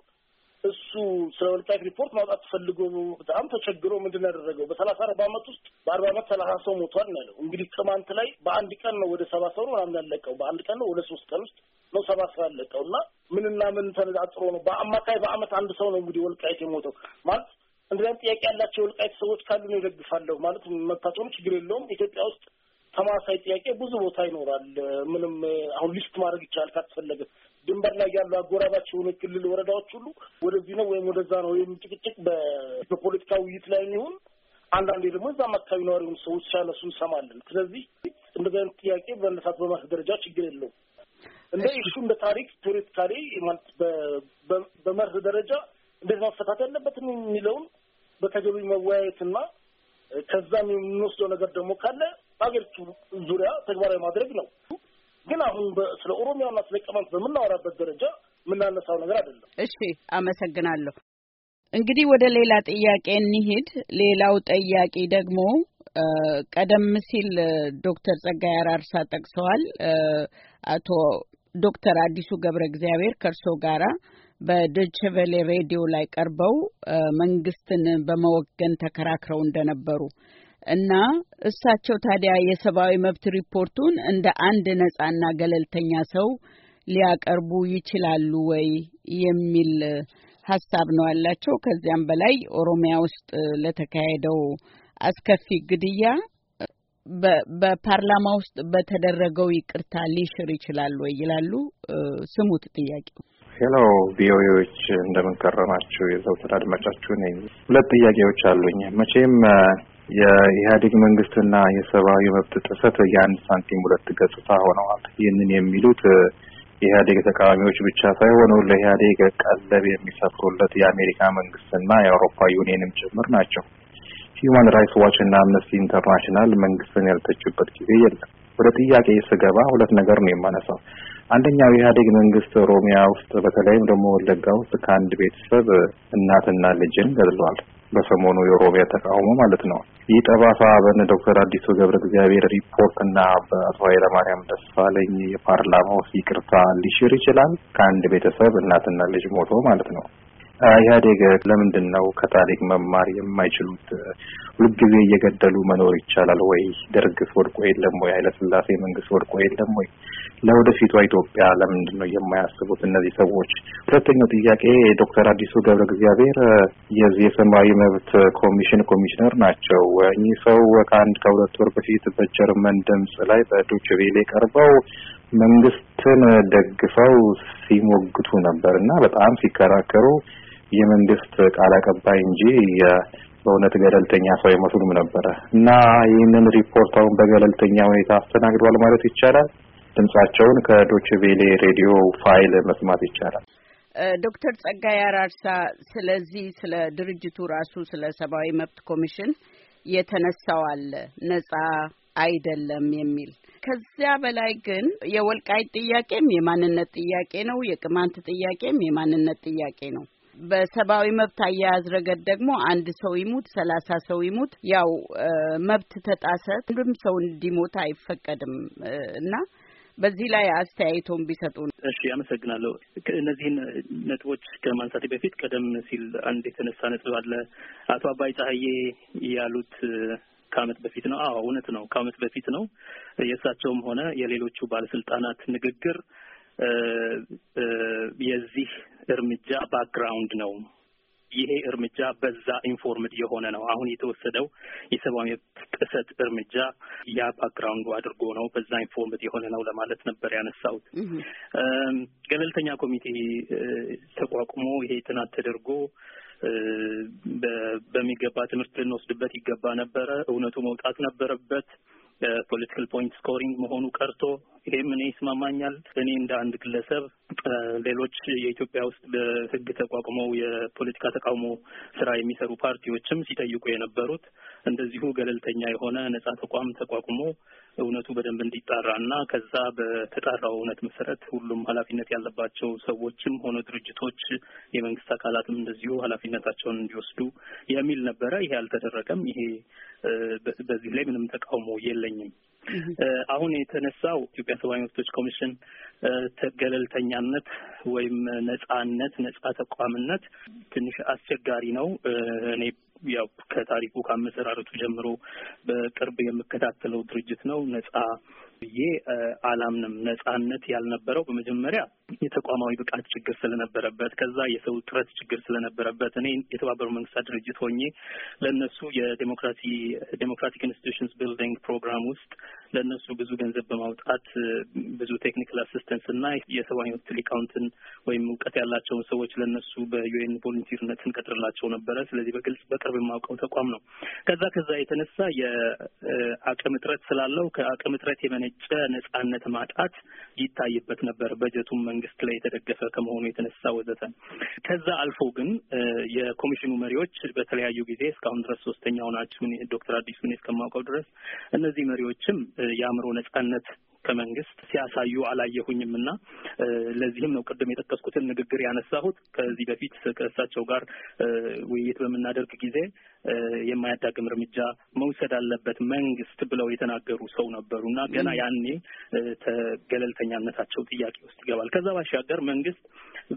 Speaker 3: እሱ ስለ ወልቃይት ሪፖርት ማውጣት ፈልጎ በጣም ተቸግሮ ምንድን ያደረገው በሰላሳ አርባ አመት ውስጥ በአርባ አመት ሰላሳ ሰው ሞቷል ነው ያለው። እንግዲህ ቅማንት ላይ በአንድ ቀን ነው ወደ ሰባ ሰው ነው ምናምን ያለቀው። በአንድ ቀን ነው ወደ ሶስት ቀን ውስጥ ነው ሰባ ሰው ያለቀው እና ምንና ምን ተነጻጽሮ ነው? በአማካይ በአመት አንድ ሰው ነው እንግዲህ ወልቃይት የሞተው ማለት እንደዚም ጥያቄ ያላቸው ወልቃይት ሰዎች ካሉ ነው ይደግፋለሁ ማለት መታጠሩ ችግር የለውም። ኢትዮጵያ ውስጥ ተማሳይ ጥያቄ ብዙ ቦታ ይኖራል። ምንም አሁን ሊስት ማድረግ ይቻላል ካስፈለገ ድንበር ላይ ያሉ አጎራባች የሆኑ ክልል ወረዳዎች ሁሉ ወደዚህ ነው ወይም ወደዛ ነው ወይም ጭቅጭቅ በፖለቲካ ውይይት ላይ የሚሆን አንዳንዴ ደግሞ እዛም አካባቢ ነዋሪውን ሰዎች ሲያነሱ እንሰማለን። ስለዚህ እንደዚህ አይነት ጥያቄ በነሳት በማስ ደረጃ ችግር የለውም። እንደ እሱ እንደ ታሪክ ፖለቲካሊ ማለት በመርህ ደረጃ እንዴት መፈታት ያለበት የሚለውን በተገቢ መወያየትና ከዛም የምንወስደው ነገር ደግሞ ካለ በሀገሪቱ ዙሪያ ተግባራዊ ማድረግ ነው። ግን አሁን ስለ ኦሮሚያና ስለ ቅማንት በምናወራበት
Speaker 2: ደረጃ የምናነሳው ነገር አይደለም። እሺ፣ አመሰግናለሁ። እንግዲህ ወደ ሌላ ጥያቄ እንሂድ። ሌላው ጠያቂ ደግሞ ቀደም ሲል ዶክተር ጸጋይ አራርሳ ጠቅሰዋል። አቶ ዶክተር አዲሱ ገብረ እግዚአብሔር ከእርሶ ጋራ በዶችቬሌ ሬዲዮ ላይ ቀርበው መንግስትን በመወገን ተከራክረው እንደነበሩ እና እሳቸው ታዲያ የሰብአዊ መብት ሪፖርቱን እንደ አንድ ነጻና ገለልተኛ ሰው ሊያቀርቡ ይችላሉ ወይ የሚል ሀሳብ ነው ያላቸው። ከዚያም በላይ ኦሮሚያ ውስጥ ለተካሄደው አስከፊ ግድያ በፓርላማ ውስጥ በተደረገው ይቅርታ ሊሽር ይችላሉ ወይ ይላሉ። ስሙት ጥያቄው።
Speaker 4: ሄሎ ቪኦኤዎች እንደምንከረማችሁ የዘውትር አድማጫችሁ ነኝ። ሁለት ጥያቄዎች አሉኝ። መቼም የኢህአዴግ መንግስትና የሰብአዊ መብት ጥሰት የአንድ ሳንቲም ሁለት ገጽታ ሆነዋል። ይህንን የሚሉት የኢህአዴግ ተቃዋሚዎች ብቻ ሳይሆኑ ለኢህአዴግ ቀለብ የሚሰፍሩለት የአሜሪካ መንግስትና የአውሮፓ ዩኒየንም ጭምር ናቸው። ሂዩማን ራይትስ ዋች እና አምነስቲ ኢንተርናሽናል መንግስትን ያልተችበት ጊዜ የለም። ወደ ጥያቄ ስገባ ሁለት ነገር ነው የማነሳው። አንደኛው የኢህአዴግ መንግስት ኦሮሚያ ውስጥ በተለይም ደግሞ ወለጋ ውስጥ ከአንድ ቤተሰብ እናትና ልጅን ገድሏል። በሰሞኑ የኦሮሚያ ተቃውሞ ማለት ነው። ይህ ጠባሳ በነ ዶክተር አዲሱ ገብረ እግዚአብሔር ሪፖርት እና በአቶ ኃይለማርያም ደሳለኝ የፓርላማው ይቅርታ ሊሽር ይችላል። ከአንድ ቤተሰብ እናትና ልጅ ሞቶ ማለት ነው። ኢህአዴግ ለምንድን ነው ከታሪክ መማር የማይችሉት? ሁልጊዜ እየገደሉ መኖር ይቻላል ወይ? ደርግስ ወድቆ የለም ወይ? ኃይለስላሴ መንግስት ወድቆ የለም ወይ? ለወደፊቷ ኢትዮጵያ ለምንድን ነው የማያስቡት እነዚህ ሰዎች? ሁለተኛው ጥያቄ ዶክተር አዲሱ ገብረ እግዚአብሔር የዚህ የሰብአዊ መብት ኮሚሽን ኮሚሽነር ናቸው። እኚህ ሰው ከአንድ ከሁለት ወር በፊት በጀርመን ድምፅ ላይ በዶች ቬሌ ቀርበው መንግስትን ደግፈው ሲሞግቱ ነበር እና በጣም ሲከራከሩ የመንግስት ቃል አቀባይ እንጂ በእውነት ገለልተኛ ሰው አይመስሉም ነበረ እና ይህንን ሪፖርት አሁን በገለልተኛ ሁኔታ አስተናግዷል ማለት ይቻላል። ድምጻቸውን ከዶች ቬሌ ሬዲዮ ፋይል መስማት ይቻላል።
Speaker 2: ዶክተር ጸጋይ አራርሳ ስለዚህ ስለ ድርጅቱ ራሱ ስለ ሰብአዊ መብት ኮሚሽን የተነሳው አለ ነጻ አይደለም የሚል ከዚያ በላይ ግን የወልቃይት ጥያቄም የማንነት ጥያቄ ነው። የቅማንት ጥያቄም የማንነት ጥያቄ ነው። በሰብአዊ መብት አያያዝ ረገድ ደግሞ አንድ ሰው ይሙት ሰላሳ ሰው ይሙት ያው መብት ተጣሰ፣ ሁሉም ሰው እንዲሞት አይፈቀድም እና በዚህ ላይ አስተያየቶን ቢሰጡ። እሺ፣ አመሰግናለሁ። እነዚህን ነጥቦች ከማንሳት በፊት ቀደም ሲል አንድ የተነሳ ነጥብ አለ።
Speaker 1: አቶ አባይ ፀሐዬ ያሉት ከአመት በፊት ነው። አዎ እውነት ነው፣ ከአመት በፊት ነው። የእሳቸውም ሆነ የሌሎቹ ባለስልጣናት ንግግር የዚህ እርምጃ ባክግራውንድ ነው። ይሄ እርምጃ በዛ ኢንፎርምድ የሆነ ነው። አሁን የተወሰደው የሰብአዊ መብት ጥሰት እርምጃ ያ ባክግራውንዱ አድርጎ ነው፣ በዛ ኢንፎርምድ የሆነ ነው ለማለት ነበር ያነሳሁት። ገለልተኛ ኮሚቴ ተቋቁሞ ይሄ ጥናት ተደርጎ በሚገባ ትምህርት ልንወስድበት ይገባ ነበረ። እውነቱ መውጣት ነበረበት። የፖለቲካል ፖይንት ስኮሪንግ መሆኑ ቀርቶ ይሄም እኔ ይስማማኛል። እኔ እንደ አንድ ግለሰብ ሌሎች የኢትዮጵያ ውስጥ በሕግ ተቋቁመው የፖለቲካ ተቃውሞ ስራ የሚሰሩ ፓርቲዎችም ሲጠይቁ የነበሩት እንደዚሁ ገለልተኛ የሆነ ነጻ ተቋም ተቋቁሞ እውነቱ በደንብ እንዲጣራ እና ከዛ በተጣራው እውነት መሰረት ሁሉም ኃላፊነት ያለባቸው ሰዎችም ሆነ ድርጅቶች የመንግስት አካላትም እንደዚሁ ኃላፊነታቸውን እንዲወስዱ የሚል ነበረ። ይሄ አልተደረገም። ይሄ በዚህ ላይ ምንም ተቃውሞ የለኝም። አሁን የተነሳው ኢትዮጵያ ሰብአዊ መብቶች ኮሚሽን ገለልተኛነት ወይም ነጻነት፣ ነጻ ተቋምነት ትንሽ አስቸጋሪ ነው። እኔ ያው ከታሪኩ ከአመሰራረቱ ጀምሮ በቅርብ የምከታተለው ድርጅት ነው። ነጻ ብዬ አላምንም። ነጻነት ያልነበረው በመጀመሪያ የተቋማዊ ብቃት ችግር ስለነበረበት፣ ከዛ የሰው ጥረት ችግር ስለነበረበት እኔ የተባበሩ መንግስታት ድርጅት ሆኜ ለእነሱ የዴሞክራሲ ዴሞክራቲክ ኢንስቲቱሽንስ ቢልዲንግ ፕሮግራም ውስጥ ለእነሱ ብዙ ገንዘብ በማውጣት ብዙ ቴክኒካል አሲስተንስ እና የሰብአዊ መብት ሊቃውንትን ወይም እውቀት ያላቸውን ሰዎች ለእነሱ በዩኤን ቮሉንቲርነት እንቀጥርላቸው ነበረ። ስለዚህ በግልጽ በቅርብ የማውቀው ተቋም ነው። ከዛ ከዛ የተነሳ የአቅም እጥረት ስላለው ከአቅም እጥረት የመነ የመነጨ ነጻነት ማጣት ይታይበት ነበር። በጀቱም መንግስት ላይ የተደገፈ ከመሆኑ የተነሳ ወዘተ። ከዛ አልፎ ግን የኮሚሽኑ መሪዎች በተለያዩ ጊዜ እስካሁን ድረስ ሶስተኛው ናቸው ዶክተር አዲሱን እስከማውቀው ድረስ እነዚህ መሪዎችም የአእምሮ ነጻነት ከመንግስት ሲያሳዩ አላየሁኝም እና ለዚህም ነው ቅድም የጠቀስኩትን ንግግር ያነሳሁት። ከዚህ በፊት ከእሳቸው ጋር ውይይት በምናደርግ ጊዜ የማያዳግም እርምጃ መውሰድ አለበት መንግስት ብለው የተናገሩ ሰው ነበሩ እና ገና ያኔ ገለልተኛነታቸው ጥያቄ ውስጥ ይገባል። ከዛ ባሻገር መንግስት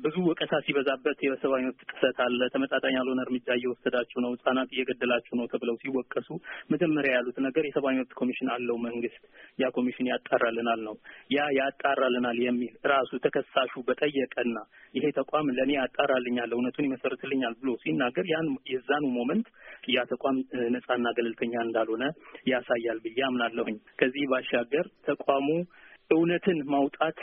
Speaker 1: ብዙ ወቀሳ ሲበዛበት የሰብአዊ መብት ጥሰት አለ፣ ተመጣጣኝ ያልሆነ እርምጃ እየወሰዳችሁ ነው፣ ህጻናት እየገደላችሁ ነው ተብለው ሲወቀሱ መጀመሪያ ያሉት ነገር የሰብአዊ መብት ኮሚሽን አለው መንግስት ያ ኮሚሽን ያጣራል ያጣራልናል ነው ያ ያጣራልናል የሚል ራሱ ተከሳሹ በጠየቀና ይሄ ተቋም ለእኔ ያጣራልኛል፣ እውነቱን ይመሰርትልኛል ብሎ ሲናገር ያን የዛኑ ሞመንት ያ ተቋም ነጻና ገለልተኛ እንዳልሆነ ያሳያል ብዬ አምናለሁኝ። ከዚህ ባሻገር ተቋሙ እውነትን ማውጣት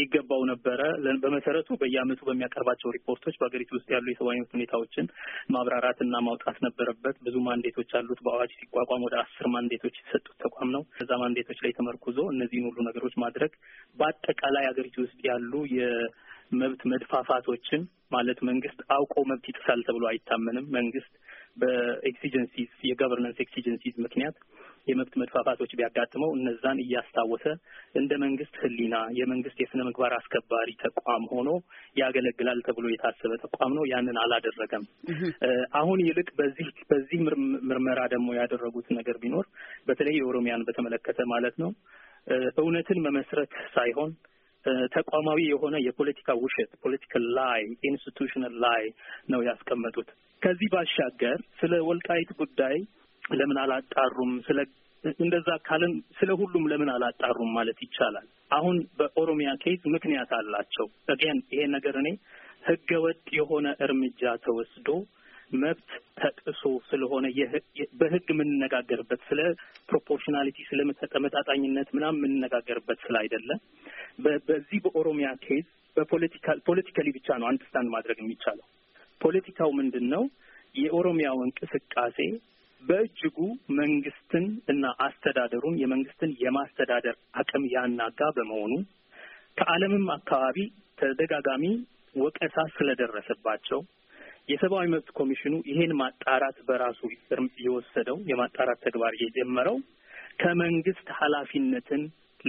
Speaker 1: ይገባው ነበረ። በመሰረቱ በየአመቱ በሚያቀርባቸው ሪፖርቶች በሀገሪቱ ውስጥ ያሉ የሰብአዊ መብት ሁኔታዎችን ማብራራትና ማውጣት ነበረበት። ብዙ ማንዴቶች አሉት። በአዋጅ ሲቋቋም ወደ አስር ማንዴቶች የተሰጡት ተቋም ነው። ከዛ ማንዴቶች ላይ ተመርኩዞ እነዚህን ሁሉ ነገሮች ማድረግ በአጠቃላይ ሀገሪቱ ውስጥ ያሉ የመብት መድፋፋቶችን ማለት መንግስት አውቆ መብት ይጥሳል ተብሎ አይታመንም። መንግስት በኤክሲጀንሲስ የገቨርነንስ ኤክሲጀንሲስ ምክንያት የመብት መድፋፋቶች ቢያጋጥመው እነዛን እያስታወሰ እንደ መንግስት ህሊና የመንግስት የስነ ምግባር አስከባሪ ተቋም ሆኖ ያገለግላል ተብሎ የታሰበ ተቋም ነው። ያንን አላደረገም። አሁን ይልቅ በዚህ በዚህ ምርመራ ደግሞ ያደረጉት ነገር ቢኖር በተለይ የኦሮሚያን በተመለከተ ማለት ነው እውነትን መመስረት ሳይሆን ተቋማዊ የሆነ የፖለቲካ ውሸት ፖለቲካል ላይ ኢንስቲቱሽናል ላይ ነው ያስቀመጡት። ከዚህ ባሻገር ስለ ወልቃይት ጉዳይ ለምን አላጣሩም? ስለ እንደዛ ካልን ስለ ሁሉም ለምን አላጣሩም ማለት ይቻላል። አሁን በኦሮሚያ ኬዝ ምክንያት አላቸው። አገን ይሄ ነገር እኔ ህገ ወጥ የሆነ እርምጃ ተወስዶ መብት ተጥሶ ስለሆነ በህግ የምንነጋገርበት ስለ ፕሮፖርሽናሊቲ ስለ ተመጣጣኝነት ምናምን የምንነጋገርበት ስለ አይደለ በዚህ በኦሮሚያ ኬዝ በፖለቲካል ፖለቲካሊ ብቻ ነው አንድስታንድ ማድረግ የሚቻለው። ፖለቲካው ምንድን ነው? የኦሮሚያው እንቅስቃሴ በእጅጉ መንግስትን እና አስተዳደሩን የመንግስትን የማስተዳደር አቅም ያናጋ በመሆኑ ከዓለምም አካባቢ ተደጋጋሚ ወቀሳ ስለደረሰባቸው የሰብአዊ መብት ኮሚሽኑ ይሄን ማጣራት በራሱ የወሰደው የማጣራት ተግባር የጀመረው ከመንግስት ኃላፊነትን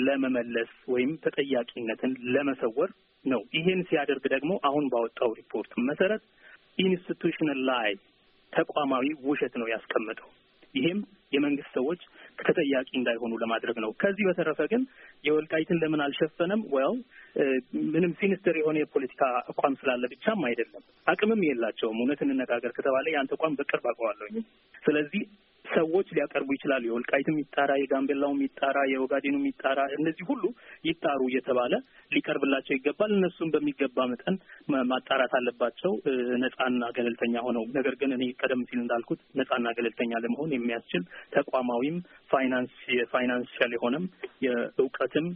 Speaker 1: ለመመለስ ወይም ተጠያቂነትን ለመሰወር ነው። ይሄን ሲያደርግ ደግሞ አሁን ባወጣው ሪፖርት መሰረት ኢንስቲቱሽናል ላይ ተቋማዊ ውሸት ነው ያስቀመጠው። ይሄም የመንግስት ሰዎች ተጠያቂ እንዳይሆኑ ለማድረግ ነው። ከዚህ በተረፈ ግን የወልቃይትን ለምን አልሸፈነም? ወይ ምንም ሲኒስተር የሆነ የፖለቲካ አቋም ስላለ ብቻም አይደለም፣ አቅምም የላቸውም። እውነት እንነጋገር ከተባለ ያን ተቋም በቅርብ አውቀዋለሁ። ስለዚህ ሰዎች ሊያቀርቡ ይችላሉ። የወልቃይትም ይጣራ፣ የጋምቤላውም ይጣራ፣ የኦጋዴኑም ይጣራ፣ እነዚህ ሁሉ ይጣሩ እየተባለ ሊቀርብላቸው ይገባል። እነሱም በሚገባ መጠን ማጣራት አለባቸው ነጻና ገለልተኛ ሆነው። ነገር ግን እኔ ቀደም ሲል እንዳልኩት ነጻና ገለልተኛ ለመሆን የሚያስችል ተቋማዊም ፋይናንስ የፋይናንሻል የሆነም የእውቀትም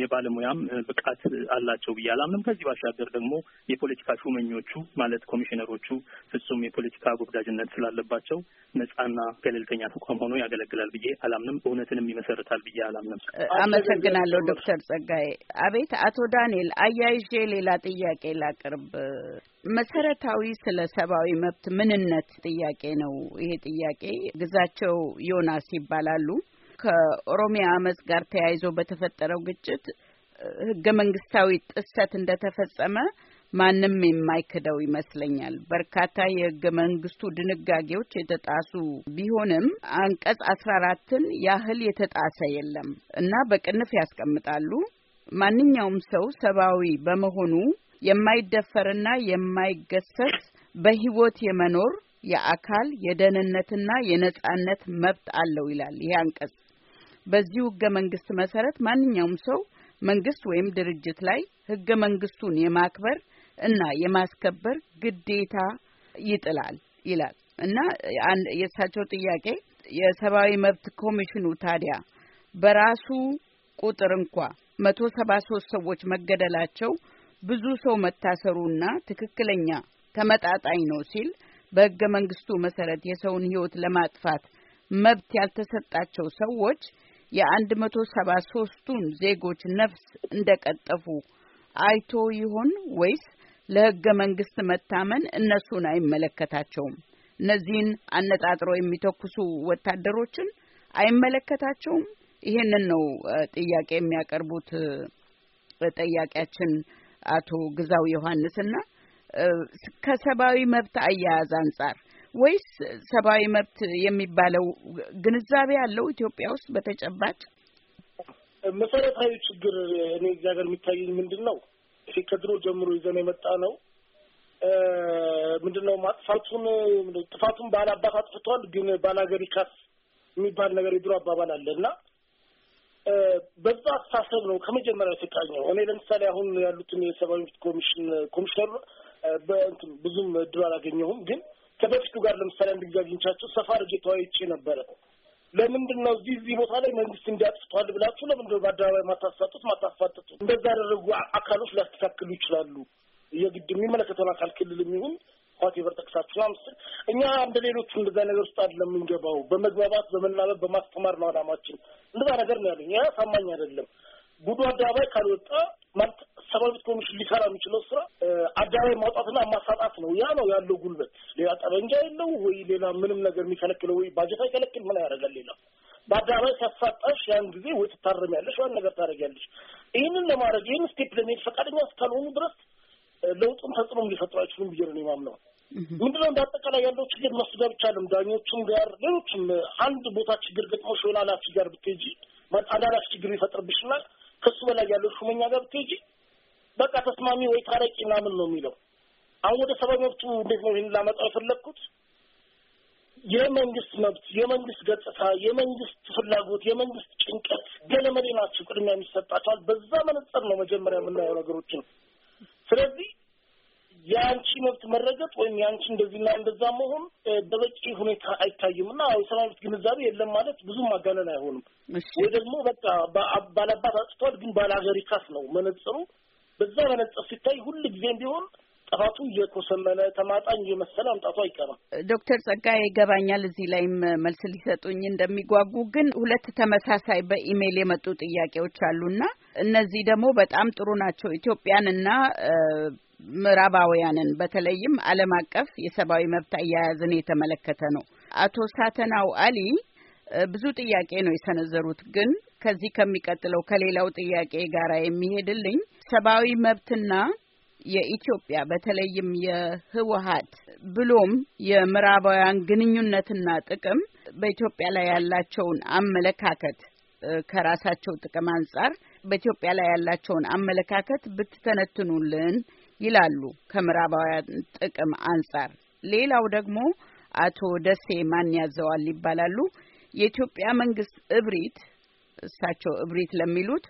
Speaker 1: የባለሙያም ብቃት አላቸው ብዬ አላምንም። ከዚህ ባሻገር ደግሞ የፖለቲካ ሹመኞቹ ማለት ኮሚሽነሮቹ ፍጹም የፖለቲካ አጎብዳጅነት ስላለባቸው ነጻና ገለል ገለልተኛ ተቋም ሆኖ ያገለግላል ብዬ አላምንም። እውነትንም ይመሰርታል ብዬ አላምንም።
Speaker 2: አመሰግናለሁ ዶክተር ጸጋዬ። አቤት አቶ ዳንኤል አያይዤ ሌላ ጥያቄ ላቅርብ። መሰረታዊ ስለ ሰብአዊ መብት ምንነት ጥያቄ ነው ይሄ ጥያቄ። ግዛቸው ዮናስ ይባላሉ። ከኦሮሚያ አመፅ ጋር ተያይዞ በተፈጠረው ግጭት ህገ መንግስታዊ ጥሰት እንደተፈጸመ ማንም የማይክደው ይመስለኛል። በርካታ የህገ መንግስቱ ድንጋጌዎች የተጣሱ ቢሆንም አንቀጽ አስራ አራትን ያህል የተጣሰ የለም እና በቅንፍ ያስቀምጣሉ። ማንኛውም ሰው ሰብአዊ በመሆኑ የማይደፈርና የማይገሰስ በህይወት የመኖር የአካል የደህንነትና የነጻነት መብት አለው ይላል ይህ አንቀጽ። በዚሁ ህገ መንግስት መሰረት ማንኛውም ሰው መንግስት ወይም ድርጅት ላይ ህገ መንግስቱን የማክበር እና የማስከበር ግዴታ ይጥላል ይላል እና የእሳቸው ጥያቄ የሰብአዊ መብት ኮሚሽኑ ታዲያ በራሱ ቁጥር እንኳ መቶ ሰባ ሶስት ሰዎች መገደላቸው ብዙ ሰው መታሰሩና ትክክለኛ ተመጣጣኝ ነው ሲል በህገ መንግስቱ መሰረት የሰውን ህይወት ለማጥፋት መብት ያልተሰጣቸው ሰዎች የአንድ መቶ ሰባ ሶስቱን ዜጎች ነፍስ እንደቀጠፉ አይቶ ይሆን ወይስ ለሕገ መንግስት መታመን እነሱን አይመለከታቸውም። እነዚህን አነጣጥሮ የሚተኩሱ ወታደሮችን አይመለከታቸውም። ይህንን ነው ጥያቄ የሚያቀርቡት ጠያቂያችን አቶ ግዛው ዮሐንስና ከሰብአዊ መብት አያያዝ አንጻር ወይስ ሰብአዊ መብት የሚባለው ግንዛቤ ያለው ኢትዮጵያ ውስጥ በተጨባጭ
Speaker 3: መሰረታዊ ችግር እኔ እዚህ ሀገር የሚታየኝ ምንድን ነው? ዲሞክራሲ ከድሮ ጀምሮ ይዘን የመጣ ነው። ምንድነው ማጥፋቱን ጥፋቱን ባል አባት አጥፍቷል፣ ግን ባል ሀገር ይካስ የሚባል ነገር የድሮ አባባል አለ እና በዛ አስተሳሰብ ነው ከመጀመሪያ የተቃኘ እኔ ለምሳሌ አሁን ያሉትን የሰብአዊ መብት ኮሚሽን ኮሚሽነር በእንትን ብዙም እድል አላገኘሁም፣ ግን ከበፊቱ ጋር ለምሳሌ አንድ ጊዜ አግኝቻቸው ሰፋ አድርጌ ተወያይቼ ነበረ። ለምንድን ነው እዚህ እዚህ ቦታ ላይ መንግስት እንዲያጥፍቷል ብላችሁ ለምንድን ነው በአደባባይ ማታሳጡት ማታፋጥጡት? እንደዛ ያደረጉ አካሎች ሊያስተካክሉ ይችላሉ። የግድ የሚመለከተውን አካል ክልል የሚሆን ኳት ኳቴቨር ጠቅሳችሁ ምስል እኛ እንደ ሌሎቹ እንደዛ ነገር ውስጥ አይደለም የምንገባው። በመግባባት በመናበብ በማስተማር ነው አላማችን። እንደዛ ነገር ነው ያለኝ። ያ ታማኝ አይደለም። ቡዱ አደባባይ ካልወጣ ማለት ሰብአዊ መብት ኮሚሽን ሊሰራ የሚችለው ስራ አደባባይ ማውጣትና ማሳጣት ነው። ያ ነው ያለው ጉልበት። ሌላ ጠበንጃ የለው ወይ ሌላ ምንም ነገር የሚከለክለው ወይ ባጀት አይከለክል። ምን ያደርጋል ሌላ በአደባባይ ሲያሳጣሽ ያን ጊዜ ወይ ትታረሚያለሽ፣ ያን ነገር ታደርጊያለሽ። ይህንን ለማድረግ ይህን ስቴፕ ለመሄድ ፈቃደኛ እስካልሆኑ ድረስ ለውጥም ተጽዕኖም ሊፈጥሩ አይችሉም ብዬ ነው የማምነው። ምንድነው እንደ አጠቃላይ ያለው ችግር እነሱ ጋር ብቻ አይደለም፣ ዳኞቹም ጋር ሌሎችም። አንድ ቦታ ችግር ገጥሞሽ ሆላ ኃላፊ ጋር ብትሄጂ አዳላፊ ችግር ይፈጥርብሽና ከሱ በላይ ያለው ሹመኛ ጋር ብትሄጂ በቃ ተስማሚ ወይ ታረቂ ምናምን ነው የሚለው። አሁን ወደ ሰብአዊ መብቱ እንዴት ነው ይህን ላመጣው የፈለግኩት? የመንግስት መብት፣ የመንግስት ገጽታ፣ የመንግስት ፍላጎት፣ የመንግስት ጭንቀት ገለመሌ ናቸው ቅድሚያ የሚሰጣቸዋል። በዛ መነጽር ነው መጀመሪያ የምናየው ነገሮችን። ስለዚህ የአንቺ መብት መረገጥ ወይም የአንቺ እንደዚህና እንደዛ መሆን በበቂ ሁኔታ አይታይም እና የሰብአዊ መብት ግንዛቤ የለም ማለት ብዙም ማጋነን አይሆንም። ወይ ደግሞ በቃ ባላባት አጥቷል ግን ባላገር ይካስ ነው መነጽሩ። በዛ መነጽር ሲታይ ሁል ጊዜም ቢሆን ጥፋቱ እየኮሰመነ ተማጣኝ የመሰለ አምጣቱ አይቀርም።
Speaker 2: ዶክተር ጸጋዬ ይገባኛል እዚህ ላይም መልስ ሊሰጡኝ እንደሚጓጉ፣ ግን ሁለት ተመሳሳይ በኢሜይል የመጡ ጥያቄዎች አሉና እነዚህ ደግሞ በጣም ጥሩ ናቸው። ኢትዮጵያንና ምዕራባውያንን በተለይም ዓለም አቀፍ የሰብአዊ መብት አያያዝን የተመለከተ ነው። አቶ ሳተናው አሊ ብዙ ጥያቄ ነው የሰነዘሩት፣ ግን ከዚህ ከሚቀጥለው ከሌላው ጥያቄ ጋር የሚሄድልኝ ሰብአዊ መብትና የኢትዮጵያ በተለይም የህወሀት ብሎም የምዕራባውያን ግንኙነትና ጥቅም በኢትዮጵያ ላይ ያላቸውን አመለካከት ከራሳቸው ጥቅም አንጻር በኢትዮጵያ ላይ ያላቸውን አመለካከት ብትተነትኑልን ይላሉ ከምዕራባውያን ጥቅም አንጻር። ሌላው ደግሞ አቶ ደሴ ማን ያዘዋል ይባላሉ። የኢትዮጵያ መንግስት እብሪት እሳቸው እብሪት ለሚሉት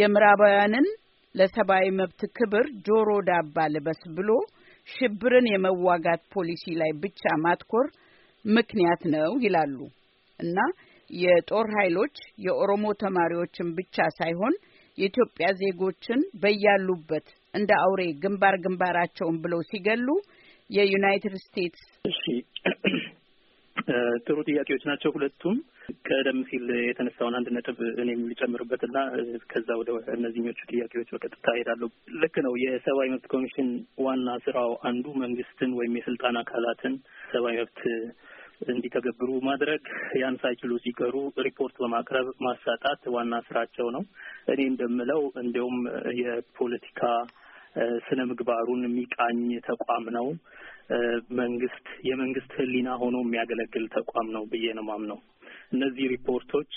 Speaker 2: የምዕራባውያንን ለሰብአዊ መብት ክብር ጆሮ ዳባ ልበስ ብሎ ሽብርን የመዋጋት ፖሊሲ ላይ ብቻ ማትኮር ምክንያት ነው ይላሉ እና የጦር ኃይሎች የኦሮሞ ተማሪዎችን ብቻ ሳይሆን የኢትዮጵያ ዜጎችን በያሉበት እንደ አውሬ ግንባር ግንባራቸውን ብለው ሲገሉ የዩናይትድ ስቴትስ እሺ፣
Speaker 1: ጥሩ ጥያቄዎች ናቸው ሁለቱም። ቀደም ሲል የተነሳውን አንድ ነጥብ እኔም የሚጨምርበትና ከዛ ወደ እነዚህኞቹ ጥያቄዎች በቀጥታ ሄዳለሁ። ልክ ነው። የሰብአዊ መብት ኮሚሽን ዋና ስራው አንዱ መንግስትን ወይም የስልጣን አካላትን ሰብአዊ መብት እንዲተገብሩ ማድረግ ያን ሳይችሉ ሲቀሩ ሪፖርት በማቅረብ ማሳጣት ዋና ስራቸው ነው። እኔ እንደምለው እንዲሁም የፖለቲካ ስነ ምግባሩን የሚቃኝ ተቋም ነው። መንግስት የመንግስት ህሊና ሆኖ የሚያገለግል ተቋም ነው ብዬ ነው ማምነው። እነዚህ ሪፖርቶች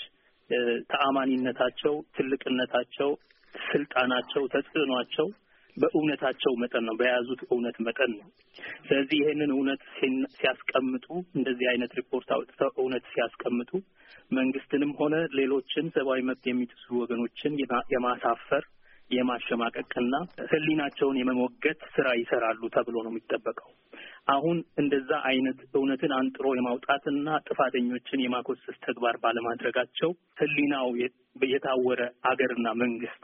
Speaker 1: ተአማኒነታቸው፣ ትልቅነታቸው፣ ስልጣናቸው፣ ተጽዕኗቸው በእውነታቸው መጠን ነው፣ በያዙት እውነት መጠን ነው። ስለዚህ ይህንን እውነት ሲያስቀምጡ እንደዚህ አይነት ሪፖርት አውጥተው እውነት ሲያስቀምጡ መንግስትንም ሆነ ሌሎችን ሰብአዊ መብት የሚጥሱ ወገኖችን የማሳፈር የማሸማቀቅና ህሊናቸውን የመሞገት ስራ ይሰራሉ ተብሎ ነው የሚጠበቀው። አሁን እንደዛ አይነት እውነትን አንጥሮ የማውጣትና ጥፋተኞችን የማኮሰስ ተግባር ባለማድረጋቸው ህሊናው የታወረ አገርና መንግስት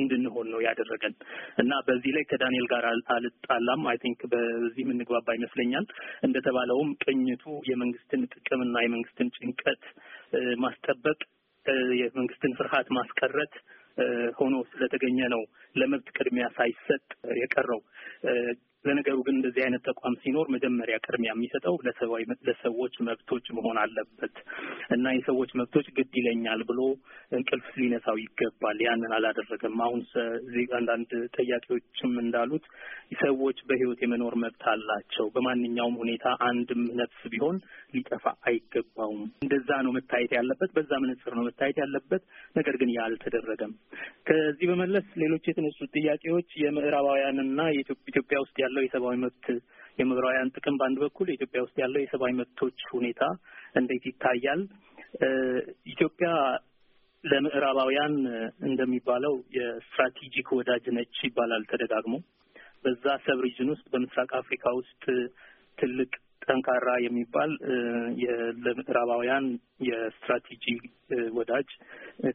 Speaker 1: እንድንሆን ነው ያደረገን እና በዚህ ላይ ከዳንኤል ጋር አልጣላም። አይ ቲንክ በዚህ የምንግባባ ይመስለኛል። እንደተባለውም ቅኝቱ የመንግስትን ጥቅምና የመንግስትን ጭንቀት ማስጠበቅ፣ የመንግስትን ፍርሃት ማስቀረት ሆኖ ስለተገኘ ነው ለመብት ቅድሚያ ሳይሰጥ የቀረው። ለነገሩ ግን እንደዚህ አይነት ተቋም ሲኖር መጀመሪያ ቅድሚያ የሚሰጠው ለሰብአዊ ለሰዎች መብቶች መሆን አለበት እና የሰዎች መብቶች ግድ ይለኛል ብሎ እንቅልፍ ሊነሳው ይገባል። ያንን አላደረገም። አሁን እዚህ አንዳንድ ጠያቂዎችም እንዳሉት ሰዎች በሕይወት የመኖር መብት አላቸው። በማንኛውም ሁኔታ አንድም ነፍስ ቢሆን ሊጠፋ አይገባውም። እንደዛ ነው መታየት ያለበት። በዛ መነጽር ነው መታየት ያለበት። ነገር ግን ያ አልተደረገም። ከዚህ በመለስ ሌሎች የተነሱ ጥያቄዎች የምዕራባውያንና ኢትዮጵያ ውስጥ ያለው የሰብአዊ መብት የምዕራባውያን ጥቅም በአንድ በኩል ኢትዮጵያ ውስጥ ያለው የሰብአዊ መብቶች ሁኔታ እንዴት ይታያል? ኢትዮጵያ ለምዕራባውያን እንደሚባለው የስትራቴጂክ ወዳጅ ነች ይባላል ተደጋግሞ። በዛ ሰብ ሪጅን ውስጥ በምስራቅ አፍሪካ ውስጥ ትልቅ ጠንካራ የሚባል ለምዕራባውያን የስትራቴጂ ወዳጅ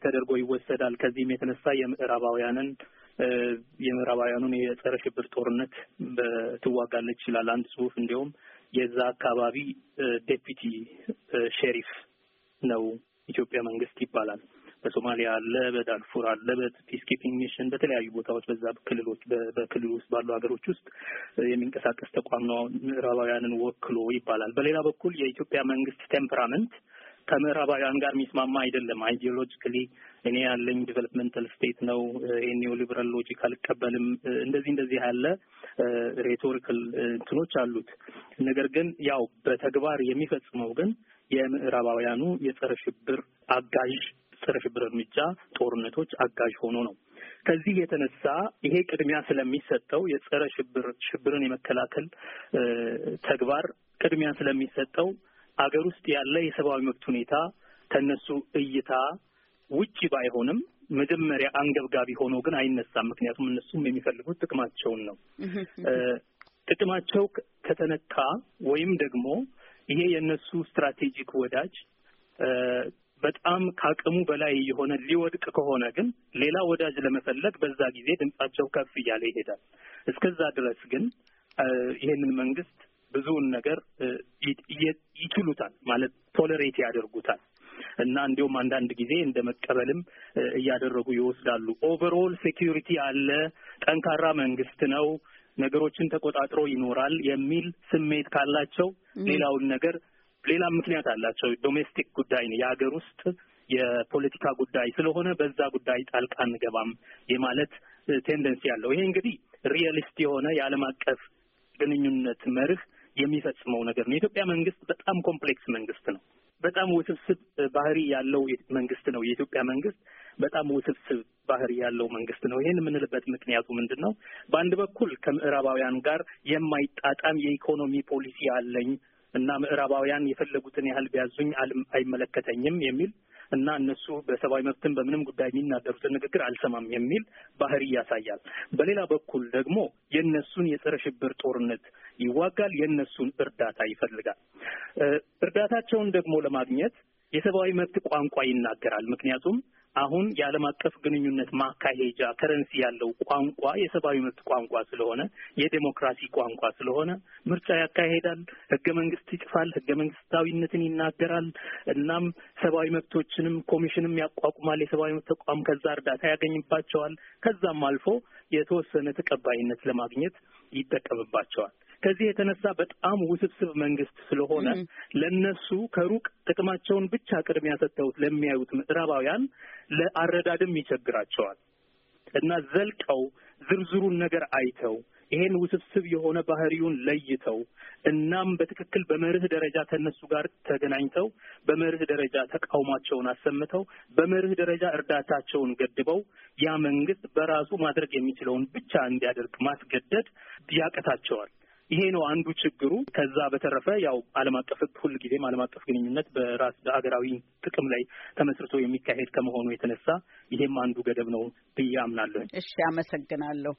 Speaker 1: ተደርጎ ይወሰዳል። ከዚህም የተነሳ የምዕራባውያንን የምዕራባውያኑን የጸረ ሽብር ጦርነት በትዋጋለች ይችላል አንድ ጽሁፍ። እንዲሁም የዛ አካባቢ ዴፒቲ ሼሪፍ ነው ኢትዮጵያ መንግስት ይባላል። በሶማሊያ አለ፣ በዳልፉር አለ፣ በፒስኪፒንግ ሚሽን በተለያዩ ቦታዎች በዛ ክልሎች በክልል ውስጥ ባሉ ሀገሮች ውስጥ የሚንቀሳቀስ ተቋም ነው ምዕራባውያንን ወክሎ ይባላል። በሌላ በኩል የኢትዮጵያ መንግስት ቴምፐራመንት ከምዕራባውያን ጋር የሚስማማ አይደለም። አይዲዮሎጂካሊ እኔ ያለኝ ዲቨሎፕመንታል ስቴት ነው፣ ይሄን ኒውሊበራል ሎጂክ አልቀበልም፣ እንደዚህ እንደዚህ ያለ ሬቶሪካል እንትኖች አሉት። ነገር ግን ያው በተግባር የሚፈጽመው ግን የምዕራባውያኑ የጸረ ሽብር አጋዥ ጸረ ሽብር እርምጃ ጦርነቶች አጋዥ ሆኖ ነው። ከዚህ የተነሳ ይሄ ቅድሚያ ስለሚሰጠው የጸረ ሽብር ሽብርን የመከላከል ተግባር ቅድሚያ ስለሚሰጠው አገር ውስጥ ያለ የሰብአዊ መብት ሁኔታ ከነሱ እይታ ውጭ ባይሆንም መጀመሪያ አንገብጋቢ ሆኖ ግን አይነሳም። ምክንያቱም እነሱም የሚፈልጉት ጥቅማቸውን ነው። ጥቅማቸው ከተነካ ወይም ደግሞ ይሄ የእነሱ ስትራቴጂክ ወዳጅ በጣም ከአቅሙ በላይ የሆነ ሊወድቅ ከሆነ ግን ሌላ ወዳጅ ለመፈለግ በዛ ጊዜ ድምጻቸው ከፍ እያለ ይሄዳል። እስከዛ ድረስ ግን ይሄንን መንግስት ብዙውን ነገር ይችሉታል ማለት ቶለሬት ያደርጉታል እና እንዲሁም አንዳንድ ጊዜ እንደ መቀበልም እያደረጉ ይወስዳሉ። ኦቨርኦል ሴኪሪቲ አለ፣ ጠንካራ መንግስት ነው፣ ነገሮችን ተቆጣጥሮ ይኖራል የሚል ስሜት ካላቸው ሌላውን ነገር ሌላም ምክንያት አላቸው። ዶሜስቲክ ጉዳይ ነው የሀገር ውስጥ የፖለቲካ ጉዳይ ስለሆነ በዛ ጉዳይ ጣልቃ አንገባም የማለት ቴንደንሲ አለው። ይሄ እንግዲህ ሪያሊስት የሆነ የዓለም አቀፍ ግንኙነት መርህ የሚፈጽመው ነገር ነው። የኢትዮጵያ መንግስት በጣም ኮምፕሌክስ መንግስት ነው። በጣም ውስብስብ ባህሪ ያለው መንግስት ነው። የኢትዮጵያ መንግስት በጣም ውስብስብ ባህሪ ያለው መንግስት ነው። ይህን የምንልበት ምክንያቱ ምንድን ነው? በአንድ በኩል ከምዕራባውያን ጋር የማይጣጣም የኢኮኖሚ ፖሊሲ አለኝ እና ምዕራባውያን የፈለጉትን ያህል ቢያዙኝ አይመለከተኝም የሚል እና እነሱ በሰብአዊ መብትን በምንም ጉዳይ የሚናገሩትን ንግግር አልሰማም የሚል ባህሪ ያሳያል። በሌላ በኩል ደግሞ የእነሱን የጸረ ሽብር ጦርነት ይዋጋል፣ የእነሱን እርዳታ ይፈልጋል። እርዳታቸውን ደግሞ ለማግኘት የሰብአዊ መብት ቋንቋ ይናገራል። ምክንያቱም አሁን የዓለም አቀፍ ግንኙነት ማካሄጃ ከረንሲ ያለው ቋንቋ የሰብአዊ መብት ቋንቋ ስለሆነ የዴሞክራሲ ቋንቋ ስለሆነ ምርጫ ያካሄዳል፣ ህገ መንግስት ይጽፋል፣ ህገ መንግስታዊነትን ይናገራል። እናም ሰብአዊ መብቶችንም ኮሚሽንም ያቋቁማል። የሰብአዊ መብት ተቋም ከዛ እርዳታ ያገኝባቸዋል። ከዛም አልፎ የተወሰነ ተቀባይነት ለማግኘት ይጠቀምባቸዋል። ከዚህ የተነሳ በጣም ውስብስብ መንግስት ስለሆነ ለነሱ ከሩቅ ጥቅማቸውን ብቻ ቅድሚያ ሰጥተውት ለሚያዩት ምዕራባውያን ለአረዳድም ይቸግራቸዋል እና ዘልቀው ዝርዝሩን ነገር አይተው ይሄን ውስብስብ የሆነ ባህሪውን ለይተው እናም በትክክል በመርህ ደረጃ ከነሱ ጋር ተገናኝተው በመርህ ደረጃ ተቃውሟቸውን አሰምተው በመርህ ደረጃ እርዳታቸውን ገድበው ያ መንግስት በራሱ ማድረግ የሚችለውን ብቻ እንዲያደርግ ማስገደድ ያቀታቸዋል። ይሄ ነው አንዱ ችግሩ። ከዛ በተረፈ ያው ዓለም አቀፍ ሕግ ሁልጊዜም ዓለም አቀፍ ግንኙነት በራስ በሀገራዊ ጥቅም ላይ ተመስርቶ የሚካሄድ ከመሆኑ የተነሳ ይሄም አንዱ ገደብ ነው ብዬ አምናለሁ።
Speaker 2: እሺ፣ አመሰግናለሁ።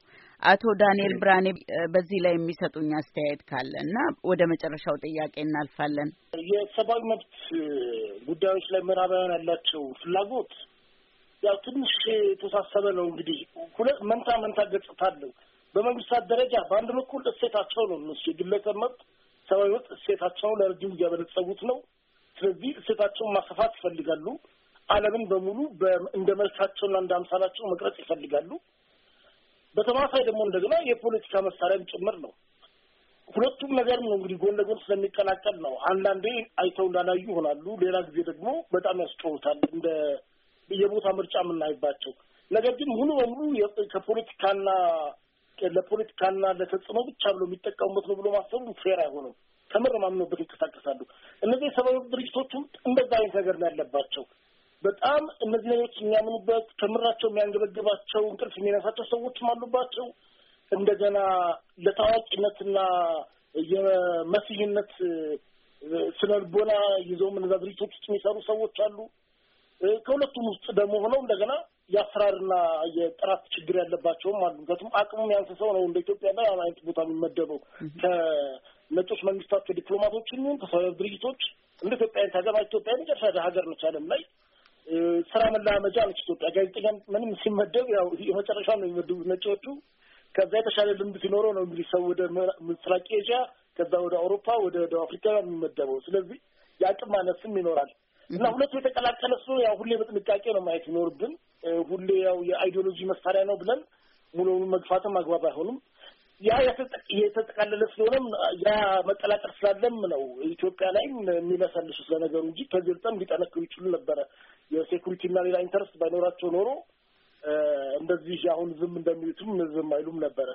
Speaker 2: አቶ ዳንኤል ብርሃኔ በዚህ ላይ የሚሰጡኝ አስተያየት ካለ እና ወደ መጨረሻው ጥያቄ እናልፋለን። የሰብአዊ
Speaker 3: መብት ጉዳዮች ላይ ምዕራባውያን ያላቸው ፍላጎት ያው ትንሽ የተሳሰበ ነው። እንግዲህ ሁለት መንታ መንታ ገጽታ አለው። በመንግስታት ደረጃ በአንድ በኩል እሴታቸው ነው እነሱ የግለሰብ መብት ሰብአዊ መብት እሴታቸው ለረጅም እያበለጸጉት ነው። ስለዚህ እሴታቸውን ማስፋት ይፈልጋሉ። ዓለምን በሙሉ እንደ መልካቸውና እንደ አምሳላቸው መቅረጽ ይፈልጋሉ። በተማሳይ ደግሞ እንደገና የፖለቲካ መሳሪያም ጭምር ነው። ሁለቱም ነገር ነው እንግዲህ ጎን ለጎን ስለሚቀላቀል ነው። አንዳንዴ አይተው እንዳላዩ ይሆናሉ። ሌላ ጊዜ ደግሞ በጣም ያስጨውታል እንደ የቦታ ምርጫ የምናይባቸው ነገር ግን ሙሉ በሙሉ ከፖለቲካና ለፖለቲካና ለተጽዕኖ ብቻ ብሎ የሚጠቀሙበት ነው ብሎ ማሰቡ ፌር አይሆንም። ተምር ማምኖበት ይንቀሳቀሳሉ። እነዚህ የሰብአዊ ድርጅቶቹም እንደዛ አይነት ነገር ነው ያለባቸው። በጣም እነዚህ ነገሮች የሚያምኑበት ከምራቸው የሚያንገበግባቸው እንቅልፍ የሚነሳቸው ሰዎችም አሉባቸው። እንደገና ለታዋቂነትና የመሲህነት ስነልቦና ይዘው እነዛ ድርጅቶች ውስጥ የሚሰሩ ሰዎች አሉ። ከሁለቱም ውስጥ ደግሞ ሆነው እንደገና የአሰራርና የጥራት ችግር ያለባቸውም አሉ። ምክንያቱም አቅሙም ያንስ ሰው ነው እንደ ኢትዮጵያ ላይ አይነት ቦታ የሚመደበው ከነጮች መንግስታት ከዲፕሎማቶች ይሁን ከሰበብ ድርጅቶች እንደ ኢትዮጵያን ሀገር ኢትዮጵያ መጨረሻ ሀገር ነች ዓለም ላይ ስራ መላመጃ ነች ኢትዮጵያ። ጋዜጠኛ ምንም ሲመደብ ያው የመጨረሻ ነው የሚመደቡት ነጮቹ። ከዛ የተሻለ ልምድ ሲኖረው ነው እንግዲህ ሰው ወደ ምስራቅ ኤዥያ ከዛ ወደ አውሮፓ ወደ ደቡብ አፍሪካ የሚመደበው። ስለዚህ የአቅም ማነስም ይኖራል እና ሁለቱ የተቀላቀለ ስ ያው ሁሌ በጥንቃቄ ነው ማየት ይኖርብን። ሁሌ ያው የአይዲዮሎጂ መሳሪያ ነው ብለን ሙሉውን መግፋትም አግባብ አይሆንም። ያ የተጠቃለለ ስለሆነም ያ መጠላቀር ስላለም ነው ኢትዮጵያ ላይ የሚመሰልሱ ስለነገሩ እንጂ ተገልጠም ሊጠነክሩ ይችሉ ነበረ። የሴኩሪቲ እና ሌላ ኢንተረስት ባይኖራቸው ኖሮ እንደዚህ አሁን ዝም እንደሚሉትም ዝም አይሉም ነበረ።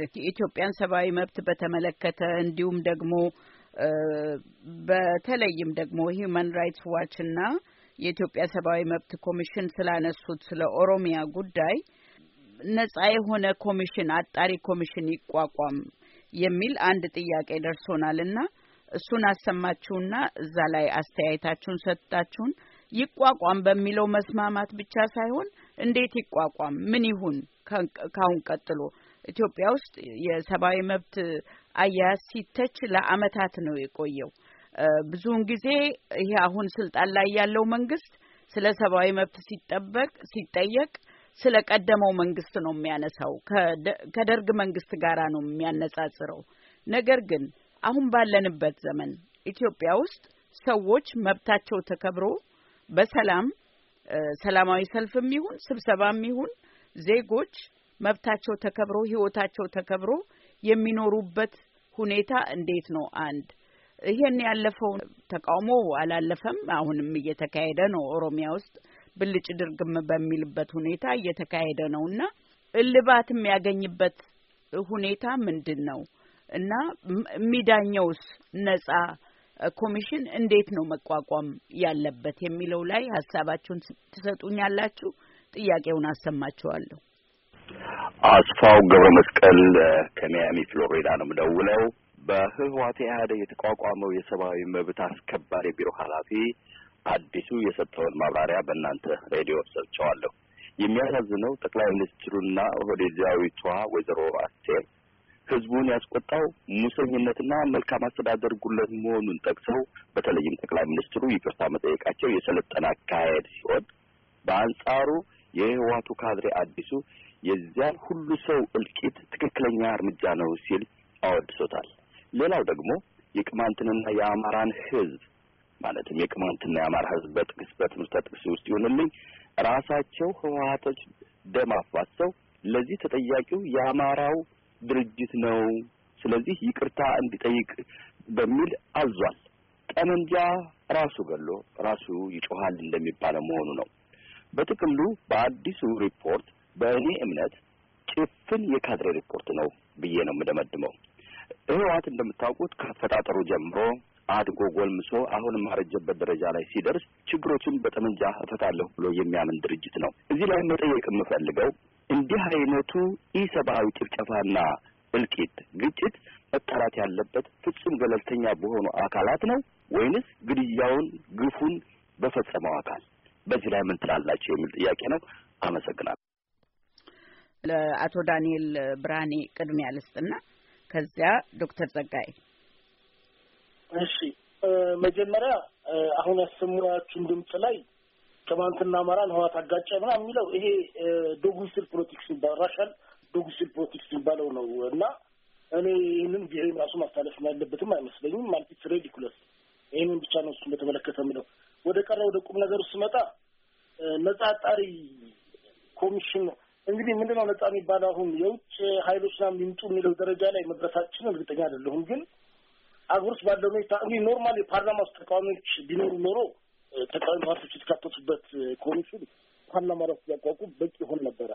Speaker 2: የኢትዮጵያን ሰብአዊ መብት በተመለከተ እንዲሁም ደግሞ በተለይም ደግሞ ሂውማን ራይትስ ዋች እና የኢትዮጵያ ሰብአዊ መብት ኮሚሽን ስላነሱት ስለ ኦሮሚያ ጉዳይ ነጻ የሆነ ኮሚሽን አጣሪ ኮሚሽን ይቋቋም የሚል አንድ ጥያቄ ደርሶናል እና እሱን አሰማችሁና እዛ ላይ አስተያየታችሁን ሰጥታችሁን ይቋቋም በሚለው መስማማት ብቻ ሳይሆን እንዴት ይቋቋም፣ ምን ይሁን ካሁን ቀጥሎ ኢትዮጵያ ውስጥ የሰብአዊ መብት አያያዝ ሲተች ለአመታት ነው የቆየው። ብዙውን ጊዜ ይሄ አሁን ስልጣን ላይ ያለው መንግስት ስለ ሰብአዊ መብት ሲጠበቅ ሲጠየቅ ስለ ቀደመው መንግስት ነው የሚያነሳው። ከደርግ መንግስት ጋር ነው የሚያነጻጽረው። ነገር ግን አሁን ባለንበት ዘመን ኢትዮጵያ ውስጥ ሰዎች መብታቸው ተከብሮ በሰላም ሰላማዊ ሰልፍም ይሁን ስብሰባም ይሁን ዜጎች መብታቸው ተከብሮ ህይወታቸው ተከብሮ የሚኖሩበት ሁኔታ እንዴት ነው? አንድ ይሄን ያለፈውን ተቃውሞ አላለፈም። አሁንም እየተካሄደ ነው። ኦሮሚያ ውስጥ ብልጭ ድርግም በሚልበት ሁኔታ እየተካሄደ ነው እና እልባት የሚያገኝበት ሁኔታ ምንድን ነው እና የሚዳኘውስ ነጻ ኮሚሽን እንዴት ነው መቋቋም ያለበት የሚለው ላይ ሀሳባችሁን ትሰጡኛላችሁ። ጥያቄውን አሰማችኋለሁ።
Speaker 6: አስፋው ገብረ መስቀል ከሚያሚ ፍሎሪዳ ነው የምደውለው። በህወሓት ኢህአደ የተቋቋመው የሰብአዊ መብት አስከባሪ ቢሮ ኃላፊ አዲሱ የሰጠውን ማብራሪያ በእናንተ ሬዲዮ ሰብቸዋለሁ። የሚያሳዝነው ጠቅላይ ሚኒስትሩና ኦህዴዳዊቷ ወይዘሮ አስቴር ህዝቡን ያስቆጣው ሙሰኝነትና መልካም አስተዳደር ጉለት መሆኑን ጠቅሰው በተለይም ጠቅላይ ሚኒስትሩ ይቅርታ መጠየቃቸው የሰለጠነ አካሄድ ሲሆን በአንጻሩ የህወሓቱ ካድሬ አዲሱ የዚያን ሁሉ ሰው እልቂት ትክክለኛ እርምጃ ነው ሲል አወድሶታል። ሌላው ደግሞ የቅማንትንና የአማራን ህዝብ ማለትም የቅማንትና የአማራ ህዝብ በጥቅስ በትምህርት ጥቅስ ውስጥ ይሁንልኝ ራሳቸው ህወሀቶች ደም አፋሰው ለዚህ ተጠያቂው የአማራው ድርጅት ነው። ስለዚህ ይቅርታ እንዲጠይቅ በሚል አዟል። ጠመንጃ ራሱ ገሎ ራሱ ይጮሃል እንደሚባለው መሆኑ ነው። በጥቅሉ በአዲሱ ሪፖርት በእኔ እምነት ጭፍን የካድሬ ሪፖርት ነው ብዬ ነው የምደመድመው። ህወሓት እንደምታውቁት ከአፈጣጠሩ ጀምሮ አድጎ ጎልምሶ አሁን ማረጀበት ደረጃ ላይ ሲደርስ ችግሮችን በጠመንጃ እፈታለሁ ብሎ የሚያምን ድርጅት ነው። እዚህ ላይ መጠየቅ የምፈልገው እንዲህ አይነቱ ኢሰብአዊ ጭፍጨፋና እልቂት፣ ግጭት መጣራት ያለበት ፍጹም ገለልተኛ በሆኑ አካላት ነው ወይንስ ግድያውን፣ ግፉን በፈጸመው አካል? በዚህ ላይ ምን ትላላቸው የሚል ጥያቄ ነው። አመሰግናለሁ።
Speaker 2: ለአቶ ዳንኤል ብርሃኔ ቅድሚያ ልስጥና ከዚያ ዶክተር ጸጋይ
Speaker 3: እሺ መጀመሪያ አሁን ያሰማችሁን ድምፅ ላይ ቅማንትና አማራን ህዋት አጋጨ ምናምን የሚለው ይሄ ዶጉስል ፖለቲክስ ይባል ራሻል ዶጉስል ፖለቲክስ የሚባለው ነው እና እኔ ይህንን ብሔሬ ራሱ ማስተላለፍ ያለበትም አይመስለኝም። ማለት ኢትስ ሬዲኩለስ። ይህንን ብቻ ነው እሱን በተመለከተ የምለው። ወደ ቀረ ወደ ቁም ነገሩ ስመጣ ነጻ አጣሪ ኮሚሽን እንግዲህ ምንድነው ነጻ የሚባለው አሁን የውጭ ሀይሎች ና የሚምጡ የሚለው ደረጃ ላይ መድረሳችን እርግጠኛ አይደለሁም። ግን አገር ውስጥ ባለው ሁኔታ እንግዲህ ኖርማል የፓርላማ ውስጥ ተቃዋሚዎች ቢኖሩ ኖሮ ተቃዋሚ ፓርቲዎች የተካተቱበት ኮሚሽን ፓርላማ ራሱ ሊያቋቁ በቂ ይሆን ነበረ።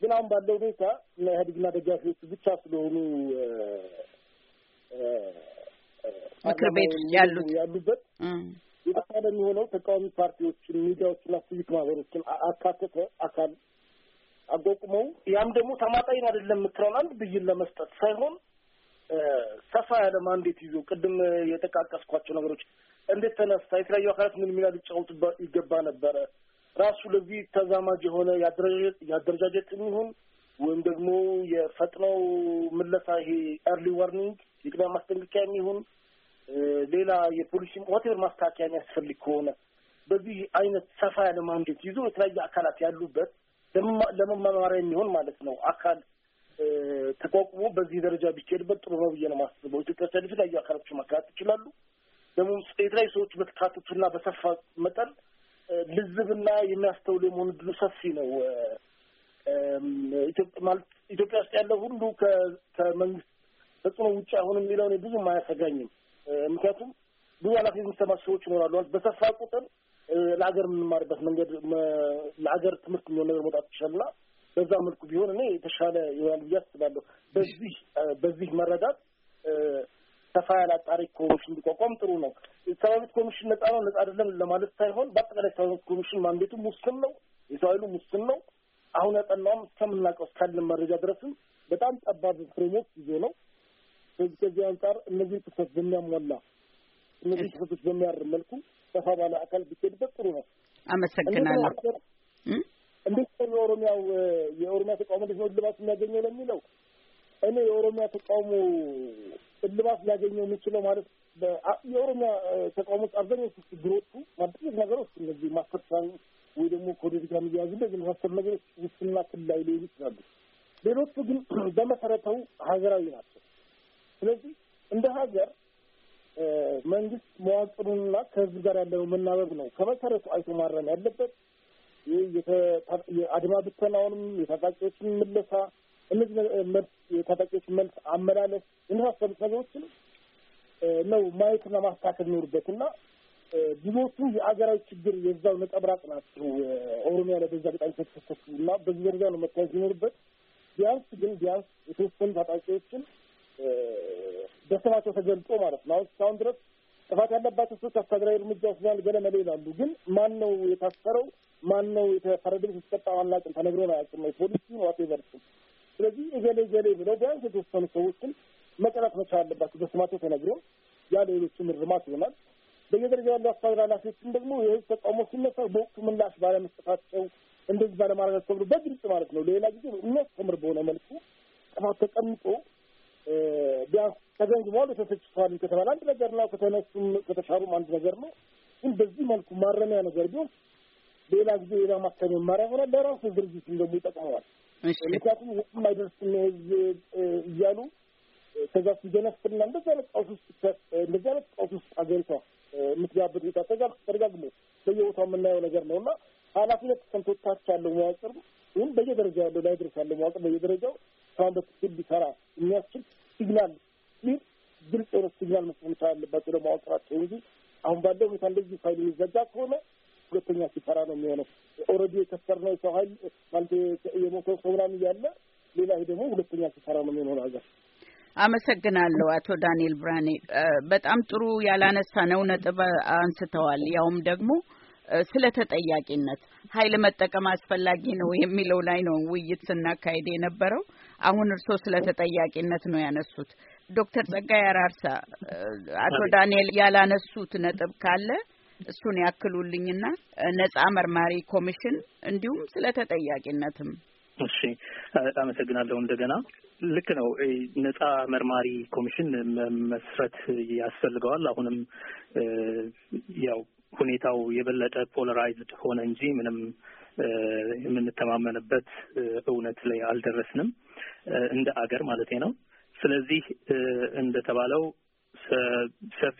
Speaker 3: ግን አሁን ባለው ሁኔታ ኢህአዴግና ደጋፊዎቹ ብቻ ስለሆኑ ምክር
Speaker 2: ቤት ያሉት ያሉበት
Speaker 3: የተሻለ የሚሆነው ተቃዋሚ ፓርቲዎችን፣ ሚዲያዎችና ሲቪክ ማህበሮችን አካተተ አካል አቋቁመው ያም ደግሞ ተማጣኝ አይደለም የምትለውን አንድ ብይን ለመስጠት ሳይሆን ሰፋ ያለ ማንዴት ይዞ ቅድም የጠቃቀስኳቸው ነገሮች እንዴት ተነሳ፣ የተለያዩ አካላት ምን ሚና ሊጫወቱ ይገባ ነበረ፣ ራሱ ለዚህ ተዛማጅ የሆነ የአደረጃጀት የሚሆን ወይም ደግሞ የፈጥነው ምለሳ ይሄ ኤርሊ ዋርኒንግ የቅድመ ማስጠንቀቂያ የሚሆን ሌላ የፖሊሲ ሆቴል ማስተካከያ የሚያስፈልግ ከሆነ በዚህ አይነት ሰፋ ያለ ማንዴት ይዞ የተለያዩ አካላት ያሉበት ለመማማሪያ የሚሆን ማለት ነው አካል ተቋቁሞ በዚህ ደረጃ ቢካሄድበት ጥሩ ነው ብዬ ነው ማስበው። ኢትዮጵያ ውስጥ የተለያዩ አካላቶች መካተት ይችላሉ። ደግሞ የተለያዩ ሰዎች በተካተቱና በሰፋ መጠን ልዝብና የሚያስተውሉ የመሆኑ ድሉ ሰፊ ነው። ማለት ኢትዮጵያ ውስጥ ያለው ሁሉ ከመንግስት ተጽዕኖ ውጭ አሁን የሚለው ብዙም አያሰጋኝም። ምክንያቱም ብዙ ኃላፊነት የሚሰማ ሰዎች ይኖራሉ። በሰፋ ቁጥር ለሀገር የምንማርበት መንገድ ለሀገር ትምህርት የሚሆን ነገር መውጣት ይቻልና በዛ መልኩ ቢሆን እኔ የተሻለ ይሆናል ብዬ አስባለሁ። በዚህ በዚህ መረዳት ሰፋ ያለ አጣሪ ኮሚሽን እንዲቋቋም ጥሩ ነው። ሰብአዊ መብት ኮሚሽን ነጻ ነው ነጻ አይደለም ለማለት ሳይሆን በአጠቃላይ ሰብአዊ መብት ኮሚሽን ማንዴቱ ሙስን ነው፣ የሰው ኃይሉ ሙስን ነው። አሁን ያጠናውም እስከምናውቀው እስካለን መረጃ ድረስም በጣም ጠባብ ፍሬሞች ጊዜ ነው። ከዚህ አንጻር እነዚህ ክፍተት በሚያሟላ እነዚህ ጽሁፎች በሚያርም መልኩ ሰፋ ባለ አካል ቢኬድበት ጥሩ ነው።
Speaker 2: አመሰግናለሁ።
Speaker 3: እንዴት የኦሮሚያው የኦሮሚያ ተቃውሞ እንዴት ነው እልባት የሚያገኘው ለሚለው እኔ የኦሮሚያ ተቃውሞ እልባት ሊያገኘው የሚችለው ማለት የኦሮሚያ ተቃውሞ ውስጥ አብዛኛው ችግሮቹ ማድረግ ነገሮች እነዚህ ማስፈርሳን ወይ ደግሞ ከወደፊት ጋር የሚያያዙ እንደዚህ መሳሰሉ ነገሮች ውስና ክልላዊ ሊሆኑ ይችላሉ። ሌሎቹ ግን በመሰረተው ሀገራዊ ናቸው። ስለዚህ እንደ ሀገር መንግስት መዋቅሩንና ከህዝብ ጋር ያለው መናበብ ነው ከመሰረቱ አይቶ ማረም ያለበት። አድማ ብተናውንም የታጣቂዎችን ምለሳ፣ እነዚህ መልስ የታጣቂዎች መልስ አመላለስ የመሳሰሉት ነገሮችን ነው ማየትና ማስተካከል ይኖርበት እና ብዙዎቹ የአገራዊ ችግር የዛው ነጠብራቅ ናቸው። ኦሮሚያ ላይ በዛ ገጣሚ ተተሰሱ እና በዚህ ደረጃ ነው መታየት ይኖርበት። ቢያንስ ግን ቢያንስ የተወሰኑ ታጣቂዎችን በስማቸው ተገልጦ ማለት ነው። አሁን እስካሁን ድረስ ጥፋት ያለባቸው ሰዎች አስተዳደራዊ እርምጃ ወስደናል ገለመሌ ይላሉ። ግን ማን ነው የታሰረው? ማን ነው የተፈረደበት? የተቀጣ አናውቅም፣ ተነግሮን አያውቅም። ፖሊሲ ዋቴቨር። ስለዚህ እገሌ እገሌ ብለው ቢያንስ የተወሰኑ ሰዎችን መቅጣት መቻል አለባቸው፣ በስማቸው ተነግሮ ያ ሌሎችም እርማት ይሆናል። በየደረጃ ያሉ አስተዳደር ኃላፊዎችም ደግሞ የህዝብ ተቃውሞ ሲነሳ በወቅቱ ምላሽ ባለመስጠታቸው እንደዚህ ባለማድረጋቸው ብሎ በግልጽ ማለት ነው ሌላ ጊዜ የሚያስተምር በሆነ መልኩ ጥፋት ተቀምጦ ቢያንስ ተገንዝበዋል። ተተችተዋል ከተባለ አንድ ነገር ነው። ከተነሱም ከተሻሩም አንድ ነገር ነው። ግን በዚህ መልኩ ማረሚያ ነገር ቢሆን ሌላ ጊዜ ሌላ ማተሚያ መማሪያ ሆነ ለራሱ ድርጅት ደግሞ ይጠቅመዋል። ምክንያቱም ወቅም አይደርስም ህዝብ እያሉ ከዛ ሲገነፍና እንደዚህ አይነት ቀውስ ውስጥ እንደዚህ አይነት ቀውስ ውስጥ አገሪቷ የምትጋብጥ ቤታ ተደጋግሞ በየቦታው የምናየው ነገር ነው እና ኃላፊነት ተሰምቶታች ያለው መዋቅር ይህም በየደረጃ ያለው ላይ ድረስ ያለው መዋቅር በየደረጃው እስካሁን በትክክል ሊሰራ የሚያስችል ሲግናል ሲል ግልጽ የሆነ ሲግናል መስጠት ያለበት አለባቸው ደግሞ አውጥራቸው እንጂ አሁን ባለው ሁኔታ እንደዚህ ፋይል የሚዘጋ ከሆነ ሁለተኛ ሲሰራ ነው የሚሆነው። ኦልሬዲ የከሰርነው የሰው ኃይል ማለት የሞተው ሰው ምናምን እያለ ሌላ ደግሞ ሁለተኛ ሲሰራ ነው የሚሆነው ሀገር።
Speaker 2: አመሰግናለሁ አቶ ዳንኤል ብራኔ በጣም ጥሩ ያላነሳ ነው ነጥብ አንስተዋል። ያውም ደግሞ ስለ ተጠያቂነት ኃይል መጠቀም አስፈላጊ ነው የሚለው ላይ ነው ውይይት ስናካሄድ የነበረው። አሁን እርስዎ ስለ ተጠያቂነት ነው ያነሱት። ዶክተር ጸጋይ አራርሳ አቶ ዳንኤል ያላነሱት ነጥብ ካለ እሱን ያክሉልኝና ነጻ መርማሪ ኮሚሽን እንዲሁም ስለ ተጠያቂነትም። እሺ፣
Speaker 1: አመሰግናለሁ እንደገና ልክ ነው። ነጻ መርማሪ ኮሚሽን መመስረት ያስፈልገዋል። አሁንም ያው ሁኔታው የበለጠ ፖለራይዝድ ሆነ እንጂ ምንም የምንተማመንበት እውነት ላይ አልደረስንም፣ እንደ አገር ማለት ነው። ስለዚህ እንደተባለው ሰፊ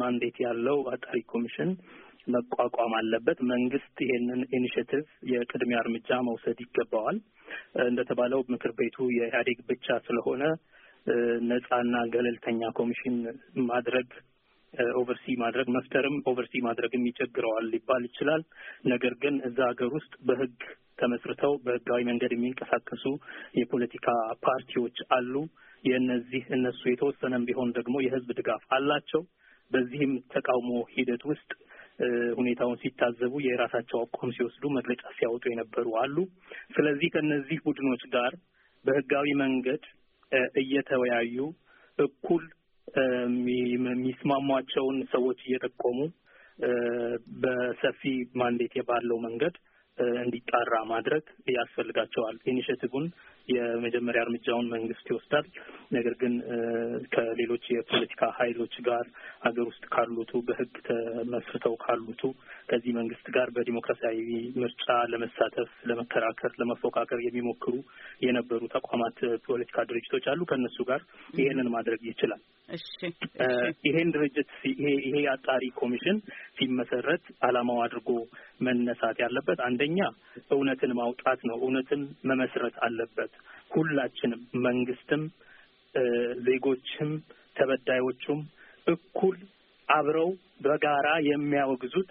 Speaker 1: ማንዴት ያለው አጣሪ ኮሚሽን መቋቋም አለበት። መንግስት ይሄንን ኢኒሽቲቭ የቅድሚያ እርምጃ መውሰድ ይገባዋል። እንደተባለው ምክር ቤቱ የኢህአዴግ ብቻ ስለሆነ ነጻና ገለልተኛ ኮሚሽን ማድረግ ኦቨርሲ ማድረግ መፍጠርም ኦቨርሲ ማድረግም ይቸግረዋል ሊባል ይችላል። ነገር ግን እዛ ሀገር ውስጥ በህግ ተመስርተው በህጋዊ መንገድ የሚንቀሳቀሱ የፖለቲካ ፓርቲዎች አሉ። የእነዚህ እነሱ የተወሰነም ቢሆን ደግሞ የህዝብ ድጋፍ አላቸው። በዚህም ተቃውሞ ሂደት ውስጥ ሁኔታውን ሲታዘቡ የራሳቸው አቋም ሲወስዱ መግለጫ ሲያወጡ የነበሩ አሉ። ስለዚህ ከእነዚህ ቡድኖች ጋር በህጋዊ መንገድ እየተወያዩ እኩል የሚስማሟቸውን ሰዎች እየጠቆሙ በሰፊ ማንዴት ባለው መንገድ እንዲጣራ ማድረግ ያስፈልጋቸዋል። ኢኒሽቲቭን የመጀመሪያ እርምጃውን መንግስት ይወስዳል። ነገር ግን ከሌሎች የፖለቲካ ኃይሎች ጋር ሀገር ውስጥ ካሉቱ በህግ ተመስርተው ካሉቱ ከዚህ መንግስት ጋር በዲሞክራሲያዊ ምርጫ ለመሳተፍ፣ ለመከራከር፣ ለመፎካከር የሚሞክሩ የነበሩ ተቋማት፣ ፖለቲካ ድርጅቶች አሉ። ከእነሱ ጋር ይሄንን ማድረግ ይችላል። ይሄን ድርጅት ይሄ አጣሪ ኮሚሽን ሲመሰረት አላማው አድርጎ መነሳት ያለበት አንደኛ እውነትን ማውጣት ነው። እውነትን መመስረት አለበት። አለበት። ሁላችንም መንግስትም፣ ዜጎችም፣ ተበዳዮቹም እኩል አብረው በጋራ የሚያወግዙት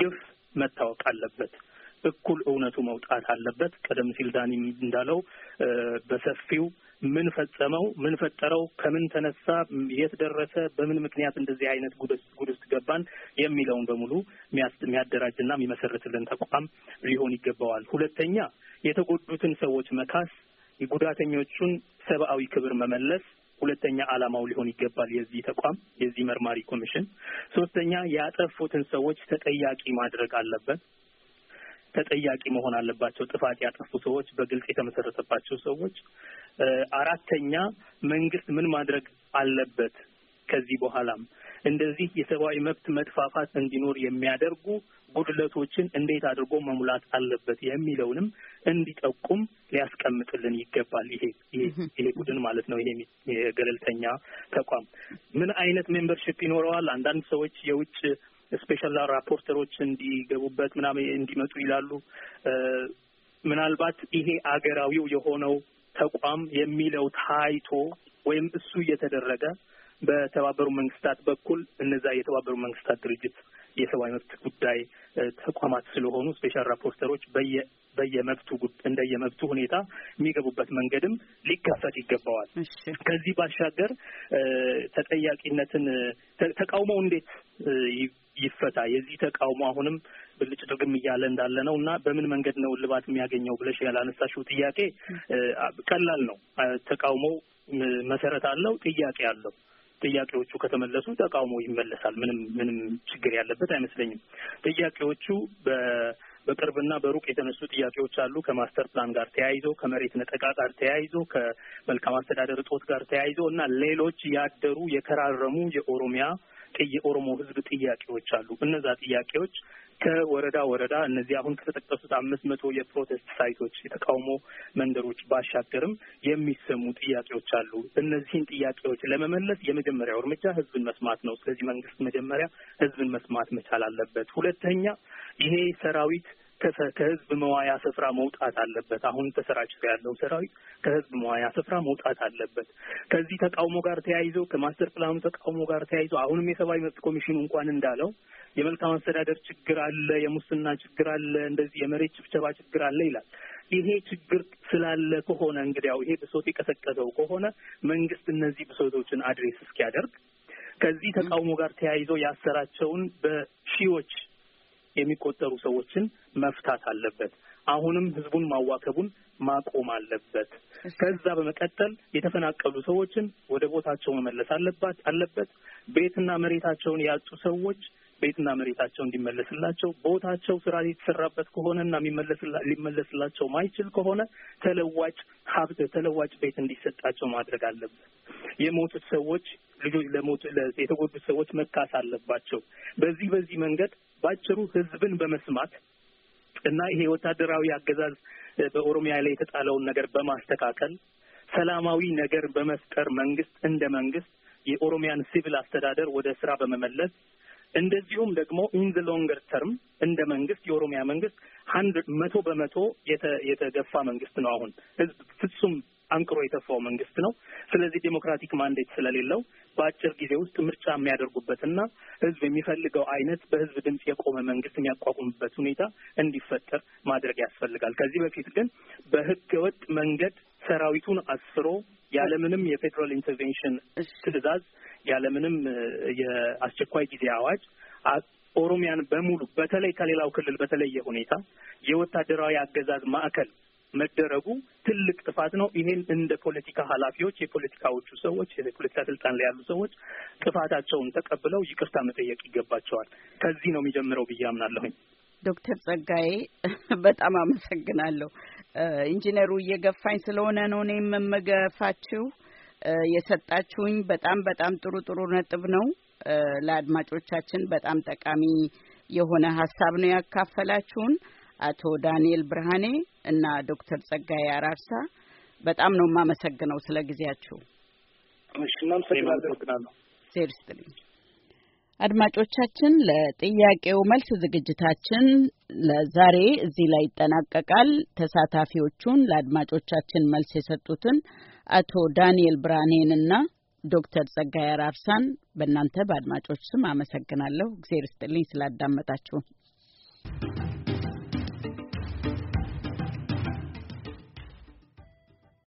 Speaker 1: ግፍ መታወቅ አለበት። እኩል እውነቱ መውጣት አለበት። ቀደም ሲል ዳኒ እንዳለው በሰፊው ምን ፈጸመው፣ ምን ፈጠረው፣ ከምን ተነሳ፣ የት ደረሰ፣ በምን ምክንያት እንደዚህ አይነት ጉድ ውስጥ ገባን የሚለውን በሙሉ የሚያደራጅና የሚመሰርትልን ተቋም ሊሆን ይገባዋል። ሁለተኛ የተጎዱትን ሰዎች መካስ የጉዳተኞቹን ሰብአዊ ክብር መመለስ ሁለተኛ ዓላማው ሊሆን ይገባል የዚህ ተቋም የዚህ መርማሪ ኮሚሽን። ሶስተኛ ያጠፉትን ሰዎች ተጠያቂ ማድረግ አለበት። ተጠያቂ መሆን አለባቸው ጥፋት ያጠፉ ሰዎች፣ በግልጽ የተመሰረተባቸው ሰዎች። አራተኛ መንግስት ምን ማድረግ አለበት ከዚህ በኋላም እንደዚህ የሰብአዊ መብት መጥፋፋት እንዲኖር የሚያደርጉ ጉድለቶችን እንዴት አድርጎ መሙላት አለበት የሚለውንም እንዲጠቁም ሊያስቀምጥልን ይገባል። ይሄ ይሄ ቡድን ማለት ነው። ይሄ የገለልተኛ ተቋም ምን አይነት ሜምበርሺፕ ይኖረዋል? አንዳንድ ሰዎች የውጭ ስፔሻል ራፖርተሮች እንዲገቡበት ምናምን እንዲመጡ ይላሉ። ምናልባት ይሄ አገራዊው የሆነው ተቋም የሚለው ታይቶ ወይም እሱ እየተደረገ በተባበሩ መንግስታት በኩል እነዛ የተባበሩ መንግስታት ድርጅት የሰብአዊ መብት ጉዳይ ተቋማት ስለሆኑ ስፔሻል ራፖርተሮች በየ በየመብቱ እንደየመብቱ ሁኔታ የሚገቡበት መንገድም ሊከፈት ይገባዋል። ከዚህ ባሻገር ተጠያቂነትን ተቃውሞው እንዴት ይፈታ? የዚህ ተቃውሞ አሁንም ብልጭ ድርግም እያለ እንዳለ ነው እና በምን መንገድ ነው እልባት የሚያገኘው ብለሽ ያላነሳሽው ጥያቄ ቀላል ነው። ተቃውሞው መሰረት አለው፣ ጥያቄ አለው። ጥያቄዎቹ ከተመለሱ ተቃውሞ ይመለሳል። ምንም ምንም ችግር ያለበት አይመስለኝም። ጥያቄዎቹ በቅርብና በሩቅ የተነሱ ጥያቄዎች አሉ። ከማስተር ፕላን ጋር ተያይዞ፣ ከመሬት ነጠቃ ጋር ተያይዞ፣ ከመልካም አስተዳደር እጦት ጋር ተያይዞ እና ሌሎች ያደሩ የከራረሙ የኦሮሚያ የኦሮሞ ሕዝብ ጥያቄዎች አሉ። እነዛ ጥያቄዎች ከወረዳ ወረዳ እነዚህ አሁን ከተጠቀሱት አምስት መቶ የፕሮቴስት ሳይቶች የተቃውሞ መንደሮች ባሻገርም የሚሰሙ ጥያቄዎች አሉ። እነዚህን ጥያቄዎች ለመመለስ የመጀመሪያው እርምጃ ህዝብን መስማት ነው። ስለዚህ መንግስት መጀመሪያ ህዝብን መስማት መቻል አለበት። ሁለተኛ ይሄ ሰራዊት ከህዝብ መዋያ ስፍራ መውጣት አለበት። አሁን ተሰራጭቶ ያለው ሰራዊት ከህዝብ መዋያ ስፍራ መውጣት አለበት። ከዚህ ተቃውሞ ጋር ተያይዞ ከማስተር ፕላኑ ተቃውሞ ጋር ተያይዞ አሁንም የሰብአዊ መብት ኮሚሽኑ እንኳን እንዳለው የመልካም አስተዳደር ችግር አለ፣ የሙስና ችግር አለ፣ እንደዚህ የመሬት ጭብጨባ ችግር አለ ይላል። ይሄ ችግር ስላለ ከሆነ እንግዲያው ይሄ ብሶት የቀሰቀሰው ከሆነ መንግስት እነዚህ ብሶቶችን አድሬስ እስኪያደርግ ከዚህ ተቃውሞ ጋር ተያይዞ ያሰራቸውን በሺዎች የሚቆጠሩ ሰዎችን መፍታት አለበት። አሁንም ህዝቡን ማዋከቡን ማቆም አለበት። ከዛ በመቀጠል የተፈናቀሉ ሰዎችን ወደ ቦታቸው መመለስ አለባት አለበት። ቤትና መሬታቸውን ያጡ ሰዎች ቤትና መሬታቸው እንዲመለስላቸው ቦታቸው ስራ የተሰራበት ከሆነና ሊመለስላቸው ማይችል ከሆነ ተለዋጭ ሀብት ተለዋጭ ቤት እንዲሰጣቸው ማድረግ አለበት። የሞቱት ሰዎች ልጆች ለሞቱ የተጎዱት ሰዎች መካስ አለባቸው። በዚህ በዚህ መንገድ ባጭሩ ህዝብን በመስማት እና ይሄ ወታደራዊ አገዛዝ በኦሮሚያ ላይ የተጣለውን ነገር በማስተካከል ሰላማዊ ነገር በመፍጠር መንግስት እንደ መንግስት የኦሮሚያን ሲቪል አስተዳደር ወደ ስራ በመመለስ እንደዚሁም ደግሞ ኢን ዘ ሎንገር ተርም እንደ መንግስት የኦሮሚያ መንግስት ሀንድ መቶ በመቶ የተገፋ መንግስት ነው። አሁን ህዝብ ፍጹም አንቅሮ የተፋው መንግስት ነው። ስለዚህ ዴሞክራቲክ ማንዴት ስለሌለው በአጭር ጊዜ ውስጥ ምርጫ የሚያደርጉበትና ህዝብ የሚፈልገው አይነት በህዝብ ድምፅ የቆመ መንግስት የሚያቋቁምበት ሁኔታ እንዲፈጠር ማድረግ ያስፈልጋል። ከዚህ በፊት ግን በህገወጥ መንገድ ሰራዊቱን አስፍሮ ያለምንም የፌዴራል ኢንተርቬንሽን ትዕዛዝ ያለምንም የአስቸኳይ ጊዜ አዋጅ ኦሮሚያን በሙሉ በተለይ ከሌላው ክልል በተለየ ሁኔታ የወታደራዊ አገዛዝ ማዕከል መደረጉ ትልቅ ጥፋት ነው። ይሄን እንደ ፖለቲካ ኃላፊዎች የፖለቲካዎቹ ሰዎች የፖለቲካ ስልጣን ላይ ያሉ ሰዎች ጥፋታቸውን ተቀብለው ይቅርታ መጠየቅ ይገባቸዋል። ከዚህ ነው የሚጀምረው ብዬ አምናለሁኝ።
Speaker 2: ዶክተር ጸጋዬ በጣም አመሰግናለሁ። ኢንጂነሩ እየገፋኝ ስለሆነ ነው እኔ የምገፋችሁ። የሰጣችሁኝ በጣም በጣም ጥሩ ጥሩ ነጥብ ነው። ለአድማጮቻችን በጣም ጠቃሚ የሆነ ሀሳብ ነው ያካፈላችሁን። አቶ ዳንኤል ብርሃኔ እና ዶክተር ጸጋዬ አራርሳ በጣም ነው የማመሰግነው ስለ ጊዜያችሁ። ዜር አድማጮቻችን፣ ለጥያቄው መልስ ዝግጅታችን ለዛሬ እዚህ ላይ ይጠናቀቃል። ተሳታፊዎቹን ለአድማጮቻችን መልስ የሰጡትን አቶ ዳንኤል ብርሃኔንና ዶክተር ጸጋዬ አራርሳን በእናንተ በአድማጮች ስም አመሰግናለሁ። እግዜር ስጥልኝ ስላዳመጣችሁ።